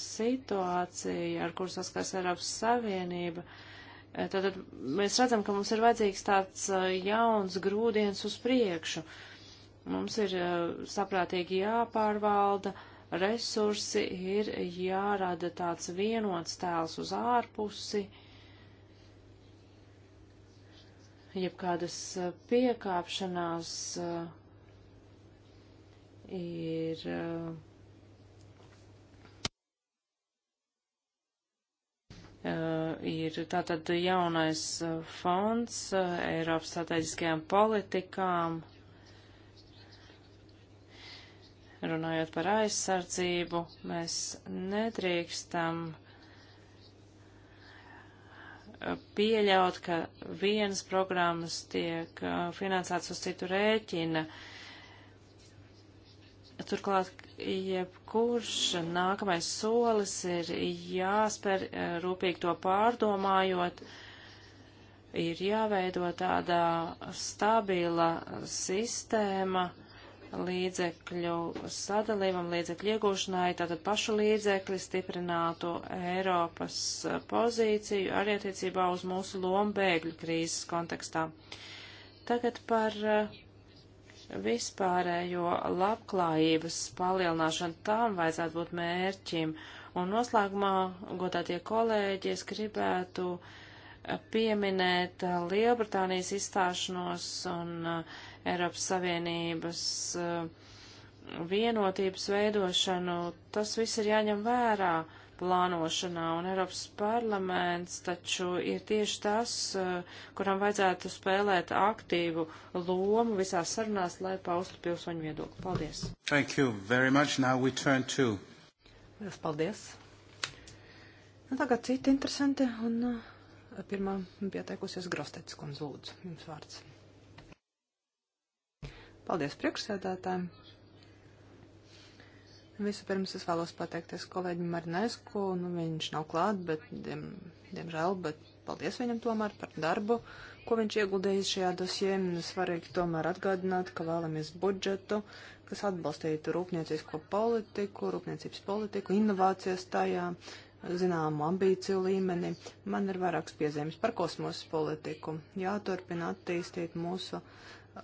situācija, ar kur saskars Eiropas Savienība, eh, tad mēs redzam, ka mums ir vajadzīgs tāds eh, jauns grūdienis uz priekšu. Mums ir eh, saprātīgi jāpārvalda, resursi ir jārada tāds vienots tēls uz ārpusi, jebkādas piekāpšanās. Uh, ir Uh, ir tātad jaunais uh, fonds uh, Eiropas strateģiskajām politikām, runājot par aizsardzību, mēs nedrīkstam pieļaut, ka vienas programmas tiek finansētas uz citu rēķina. Uh, Turklāt, jebkurš nākamais solis ir jāspēr eh, rūpīgi to pārdomājot, ir jāveido tāda stabila sistēma līdzekļu sadalījumam, līdzekļu iegūšanai, tātad pašu līdzekļi stiprinātu Eiropas pozīciju arī attiecībā uz mūsu lomu bēgļu krīzes kontekstā. Tagad par uh, Vispārējo labklājības palielināšanu tām vajadzētu būt mērķim. Un noslēgumā, godātie kolēģi, es gribētu eh, pieminēt eh, Lielbritānijas izstāšanos un eh, Eiropas Savienības vienotības veidošanu. Tas viss ir jāņem vērā plānošanā, un Eiropas parlaments taču ir tieši tas, eh, kuram vajadzētu spēlēt aktīvu lomu visās sarunās, lai paustu pilsoņu viedokli. Paldies! Thank you very much. Now we turn to. Lielas paldies! Nu, tagad citi interesanti, un eh, pirmā pieteikusies Grostets kundze lūdzu. Jums vārds. Paldies priekšsēdētājiem! Vispirms es vēlos pateikties kolēģim Marinesku, nu viņš nav klāt, bet, diem, diemžēl, bet paldies viņam tomēr par darbu, ko viņš ieguldījis šajā dosjē. Svarīgi tomēr atgādināt, ka vēlamies budžetu, kas atbalstītu rūpniecisko politiku, rūpniecības politiku, inovācijas tajā, zināmu ambīciju līmeni. Man ir vairākas piezīmes par kosmosa politiku. Jāturpina attīstīt mūsu uh,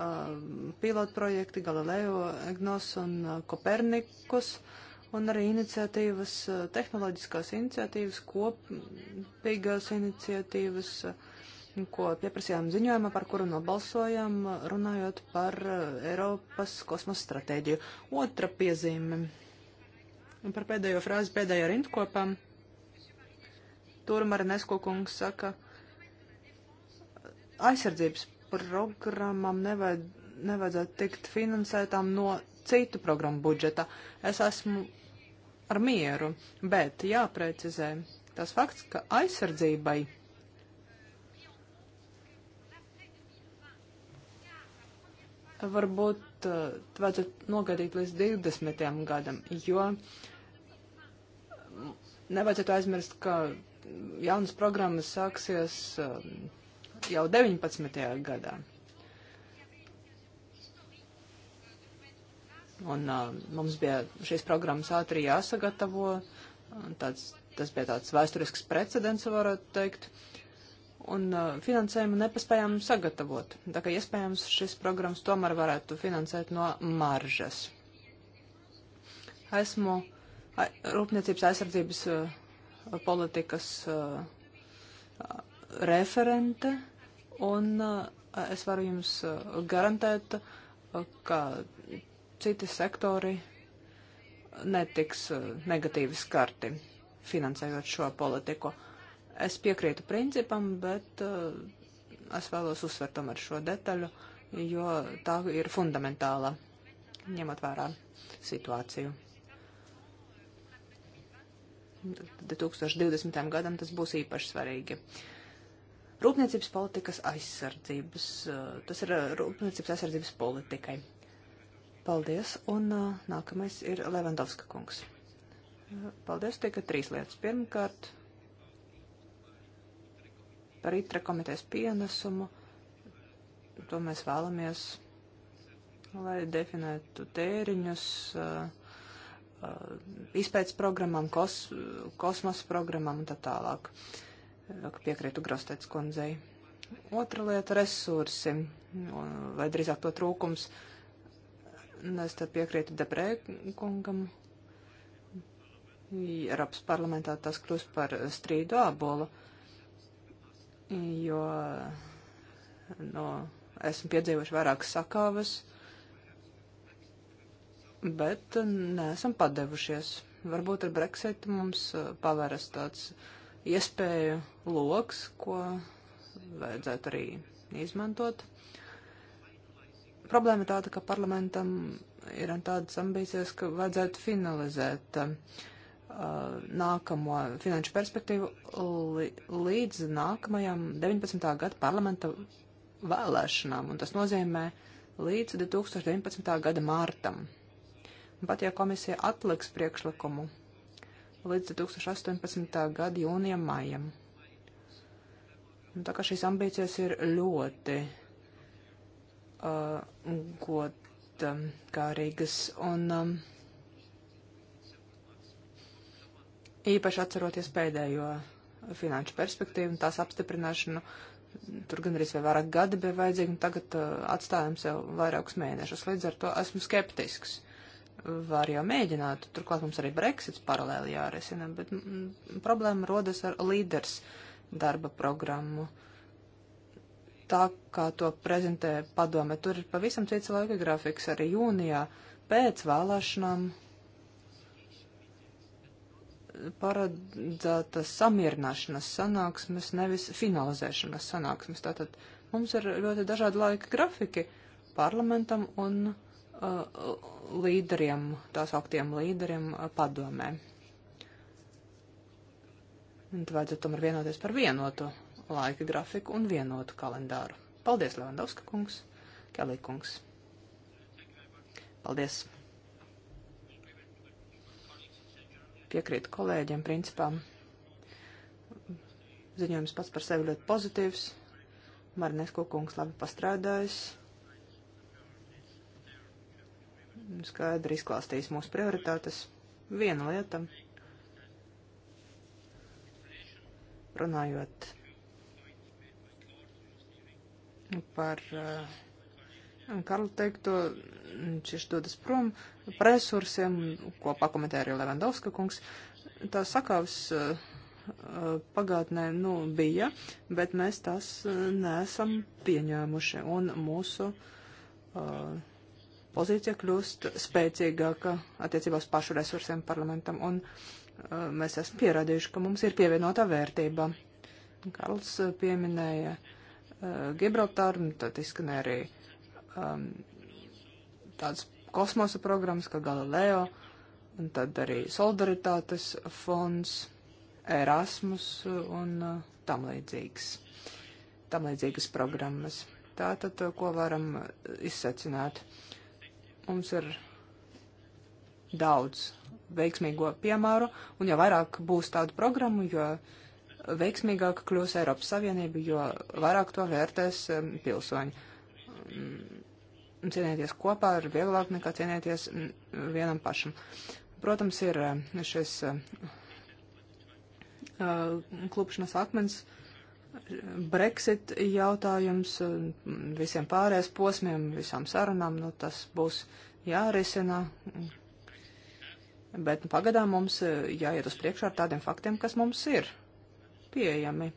Um, pilotprojekti Galileo, Egnos un uh, Kopernikus, un arī iniciatīvas, uh, tehnoloģiskās iniciatīvas, kopīgās iniciatīvas, uh, ko pieprasījām ziņojumā, par kuru nobalsojām, runājot par Eiropas kosmosa stratēģiju. Otra piezīme. Un par pēdējo frāzi pēdējā rindkopā. Tur Marinesko kungs saka, aizsardzības programmām nevajad, nevajadzētu tikt finansētām no citu programmu budžeta. Es esmu ar mieru, bet jāprecizē tas fakts, ka aizsardzībai varbūt uh, vajadzētu nogaidīt līdz 20. gadam, jo nevajadzētu aizmirst, ka jaunas programmas sāksies uh, jau 19. gadā. Un uh, mums bija šīs programmas ātri jāsagatavo, tāds, tas bija tāds vēsturisks precedents, varētu teikt, un uh, finansējumu nepaspējām sagatavot. Tā kā iespējams šis programmas tomēr varētu finansēt no maržas. Esmu a, Rūpniecības aizsardzības uh, politikas uh, referente. Uh, Un uh, es varu jums uh, garantēt, uh, ka citi sektori netiks negatīvi skarti, finansējot šo politiku. Es piekrītu principam, bet es vēlos uzsvert tomēr šo detaļu, jo tā ir fundamentāla, ņemot vērā situāciju. 2020. gadam tas būs īpaši svarīgi. Uh, rūpniecības politikas aizsardzības. Eh, tas ir eh, rūpniecības aizsardzības politikai. Paldies, un eh, nākamais ir Levandovska kungs. Paldies, tika trīs lietas. Pirmkārt, par itra komitejas pienesumu. To mēs vēlamies, lai definētu tēriņus. Uh, izpētes programmām, kos, kosmosa programmām un tā tālāk piekrītu Grostets kundzei. Otra lieta - resursi, vai nu, drīzāk to trūkums. Nu, es te piekrītu Debrē kungam. Eiropas parlamentā tas kļūst par strīdu ābolu, jo no, nu, esmu piedzīvojuši vairākas sakāves, bet neesam padevušies. Varbūt ar Brexit mums pavēras tāds uh, iespēju loks, ko vajadzētu arī izmantot. Problēma ir tāda, ka parlamentam ir tādas ambīcijas, ka vajadzētu finalizēt uh, nākamo finanšu perspektīvu li līdz nākamajam 19. gada parlamenta vēlēšanām, un tas nozīmē līdz 2019. gada mārtam. Un pat ja komisija atliks priekšlikumu līdz 2018. gada jūnijam, maijam. Un nu, tā kā šīs ambīcijas ir ļoti uh, godkārīgas un um, īpaši atceroties pēdējo finanšu perspektīvu un tās apstiprināšanu, tur gan arī vairāk gadi bija vajadzīgi, un tagad uh, atstājam sev vairākus mēnešus. Līdz ar to esmu skeptisks var jau mēģināt. Turklāt mums arī Brexits paralēli jārisina, bet mm, problēma rodas ar līders darba programmu. Tā kā to prezentē padome, tur ir pavisam cits laika grafiks arī jūnijā pēc vēlēšanām paredzētas samierināšanas sanāksmes, nevis finalizēšanas sanāksmes. Tātad mums ir ļoti dažādi laika grafiki parlamentam un Uh, līderiem, tās augtiem līderiem uh, padomē. Un tad vajadzētu tomēr vienoties par vienotu laika grafiku un vienotu kalendāru. Paldies, Levandovska kungs, Kelī kungs. Paldies. Piekrītu kolēģiem, principām. Ziņojums pats par sevi ļoti pozitīvs. Marinesko kungs labi pastrādājis skaidri izklāstījis mūsu prioritātes. Viena lieta, runājot par eh, Karlu teikto, viņš dodas prom par resursiem, ko pakomentē arī Levandovska kungs. Tā sakavs eh, pagātnē, nu, bija, bet mēs tas eh, nesam pieņēmuši, un mūsu uh, pozīcija kļūst spēcīgāka attiecībās pašu resursiem parlamentam, un uh, mēs esam pierādījuši, ka mums ir pievienotā vērtība. Karls uh, pieminēja uh, Gibraltāru, un tad izskanēja arī um, tāds kosmosa programmas kā Galileo, un tad arī solidaritātes fonds, Erasmus uh, un uh, tam līdzīgs, tam līdzīgas programmas. Tātad, uh, ko varam izsacināt? Uh, Mums ir daudz veiksmīgo piemēru, un jo vairāk būs tādu programmu, jo veiksmīgāk kļūs Eiropas Savienība, jo vairāk to vērtēs um, pilsoņi. Mm, cienēties kopā ir vieglāk nekā cienēties mm, vienam pašam. Protams, ir uh, šis uh, uh, klupšanas akmens. Uh, Brexit jautājums visiem pārējais posmiem, visām sarunām, nu tas būs jārisina. Bet nu, pagadām mums eh, jāiet uz priekšu ar tādiem faktiem, kas mums ir pieejami.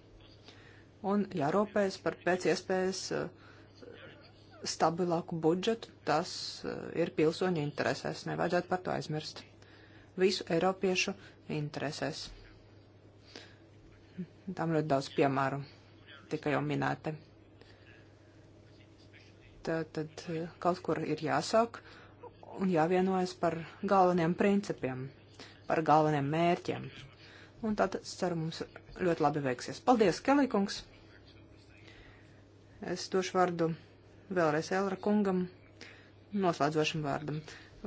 Un jārūpējas par pēc iespējas eh, stabilāku budžetu. Tas eh, ir pilsoņu interesēs. Nevajadzētu par to aizmirst. Visu Eiropiešu interesēs. Tam ļoti daudz piemēru tika jau minēti. Tad, tad e, kaut kur ir jāsāk un jāvienojas par galveniem principiem, par galveniem mērķiem. Un tad, ceru, mums ļoti labi veiksies. Paldies, Kelikungs! Es došu vārdu vēlreiz Elra kungam, noslēdzošam vārdam.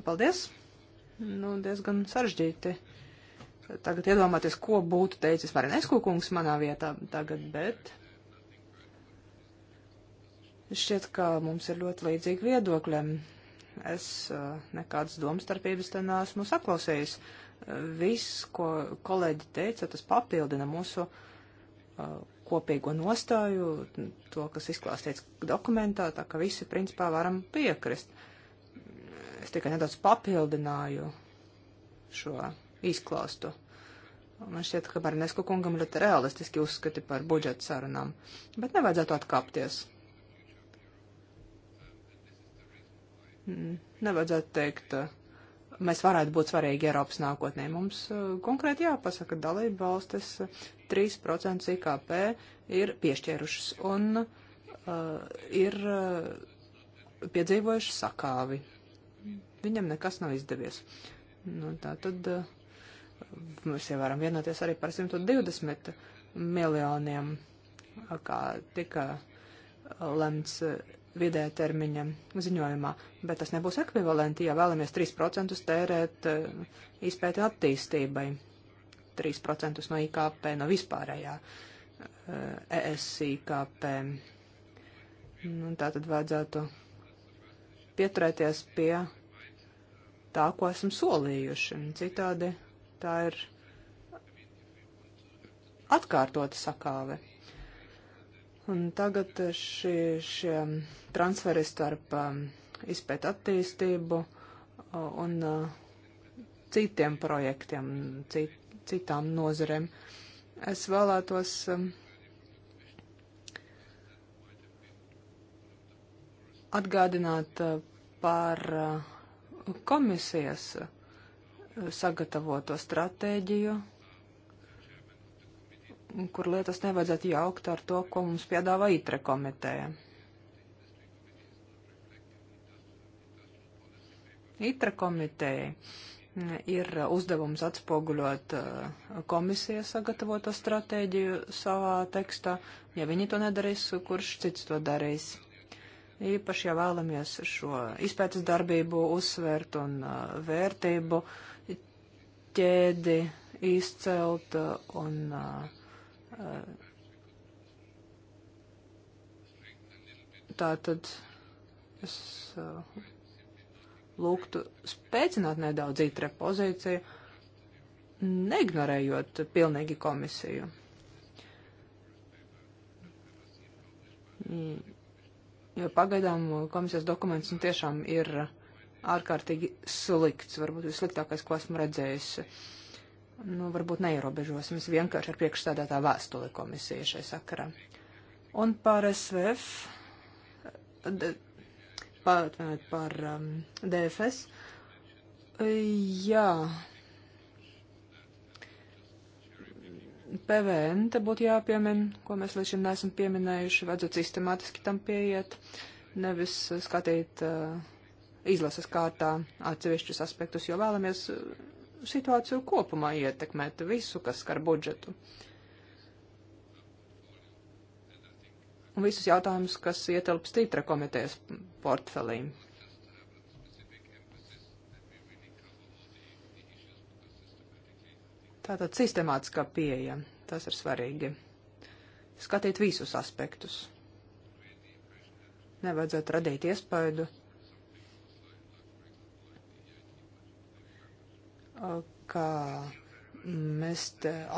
Paldies! Nu, diezgan sarežģīti tagad iedomāties, ko būtu teicis Marinesku kungs manā vietā tagad, bet šķiet, ka mums ir ļoti līdzīgi viedokļiem. Es eh, nekādas domstarpības te neesmu saklausījis. Eh, viss, ko kolēģi teica, tas papildina mūsu eh, kopīgo nostāju, to, kas izklāstīts dokumentā, tā ka visi principā varam piekrist. Es tikai nedaudz papildināju šo izklāstu. Man šķiet, ka Barnesku kungam ļoti realistiski uzskati par budžeta sarunām, bet nevajadzētu atkāpties. Mm, nevajadzētu teikt, mēs varētu būt svarīgi Eiropas nākotnē. Mums uh, konkrēti jāpasaka, dalība valstis 3% uh, IKP ir piešķērušas un uh, ir uh, piedzīvojuši sakāvi. Viņam nekas nav izdevies. Nu, tā tad. Uh, Mēs jau varam vienoties arī par 120 miljoniem, kā tika lemts vidē termiņa ziņojumā, bet tas nebūs ekvivalenti, ja vēlamies 3% tērēt eh, izpēti attīstībai, 3% no IKP, no vispārējā ES eh, e IKP. Nu, tā tad vajadzētu pieturēties pie tā, ko esam solījuši. Citādi tā ir atkārtota sakāve. Un tagad šie, šie transferi starp um, izpēt attīstību uh, un uh, citiem projektiem, cit, citām nozarēm. Es vēlētos um, atgādināt uh, par uh, komisijas uh, sagatavoto stratēģiju, kur lietas nevajadzētu jaukt ar to, ko mums piedāvā ITRE komiteja. ITRE komiteja mm, ir uzdevums atspoguļot eh, komisijas sagatavoto stratēģiju savā tekstā. Ja viņi to nedarīs, kurš cits to darīs? īpaši, ja vēlamies šo izpētes darbību uzsvērt un uh, vērtību ķēdi izcelt un uh, tā tad es uh, lūgtu spēcināt nedaudz itre pozīciju, neignorējot pilnīgi komisiju. Mm jo pagaidām uh, komisijas dokuments nu, tiešām ir uh, ārkārtīgi slikts, varbūt vissliktākais, ko esmu redzējis. Uh, nu, varbūt neierobežosimies vienkārši ar priekšstādātā vēstuli komisija šai sakarā. Un par SVF, par, par um, DFS, jā, PVN te būtu jāpiemin, ko mēs līdz šim neesam pieminējuši, vajadzētu sistemātiski tam pieiet, nevis uh, skatīt uh, izlases kārtā atsevišķus aspektus, jo vēlamies uh, situāciju kopumā ietekmēt visu, kas skar budžetu. Un visus jautājumus, kas ietilpst citra komitejas portfelī. Tātad sistemātiskā pieeja, tas ir svarīgi. Skatīt visus aspektus. Nevajadzētu radīt iespaidu, ka mēs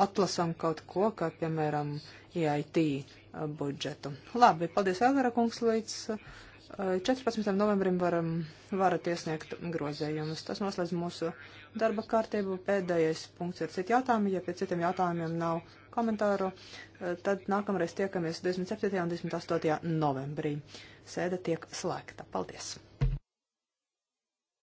atlasām kaut ko, kā piemēram e IIT budžetu. Labi, paldies Elvera kungs, līdz 14. novembrim varam, varat iesniegt grozējumus. Tas noslēdz mūsu darba kārtību. Pēdējais punkts ir citi jautājumi. Ja pie citiem jautājumiem nav komentāru, tad nākamreiz tiekamies 27. un 28. novembrī. Sēde tiek slēgta. Paldies!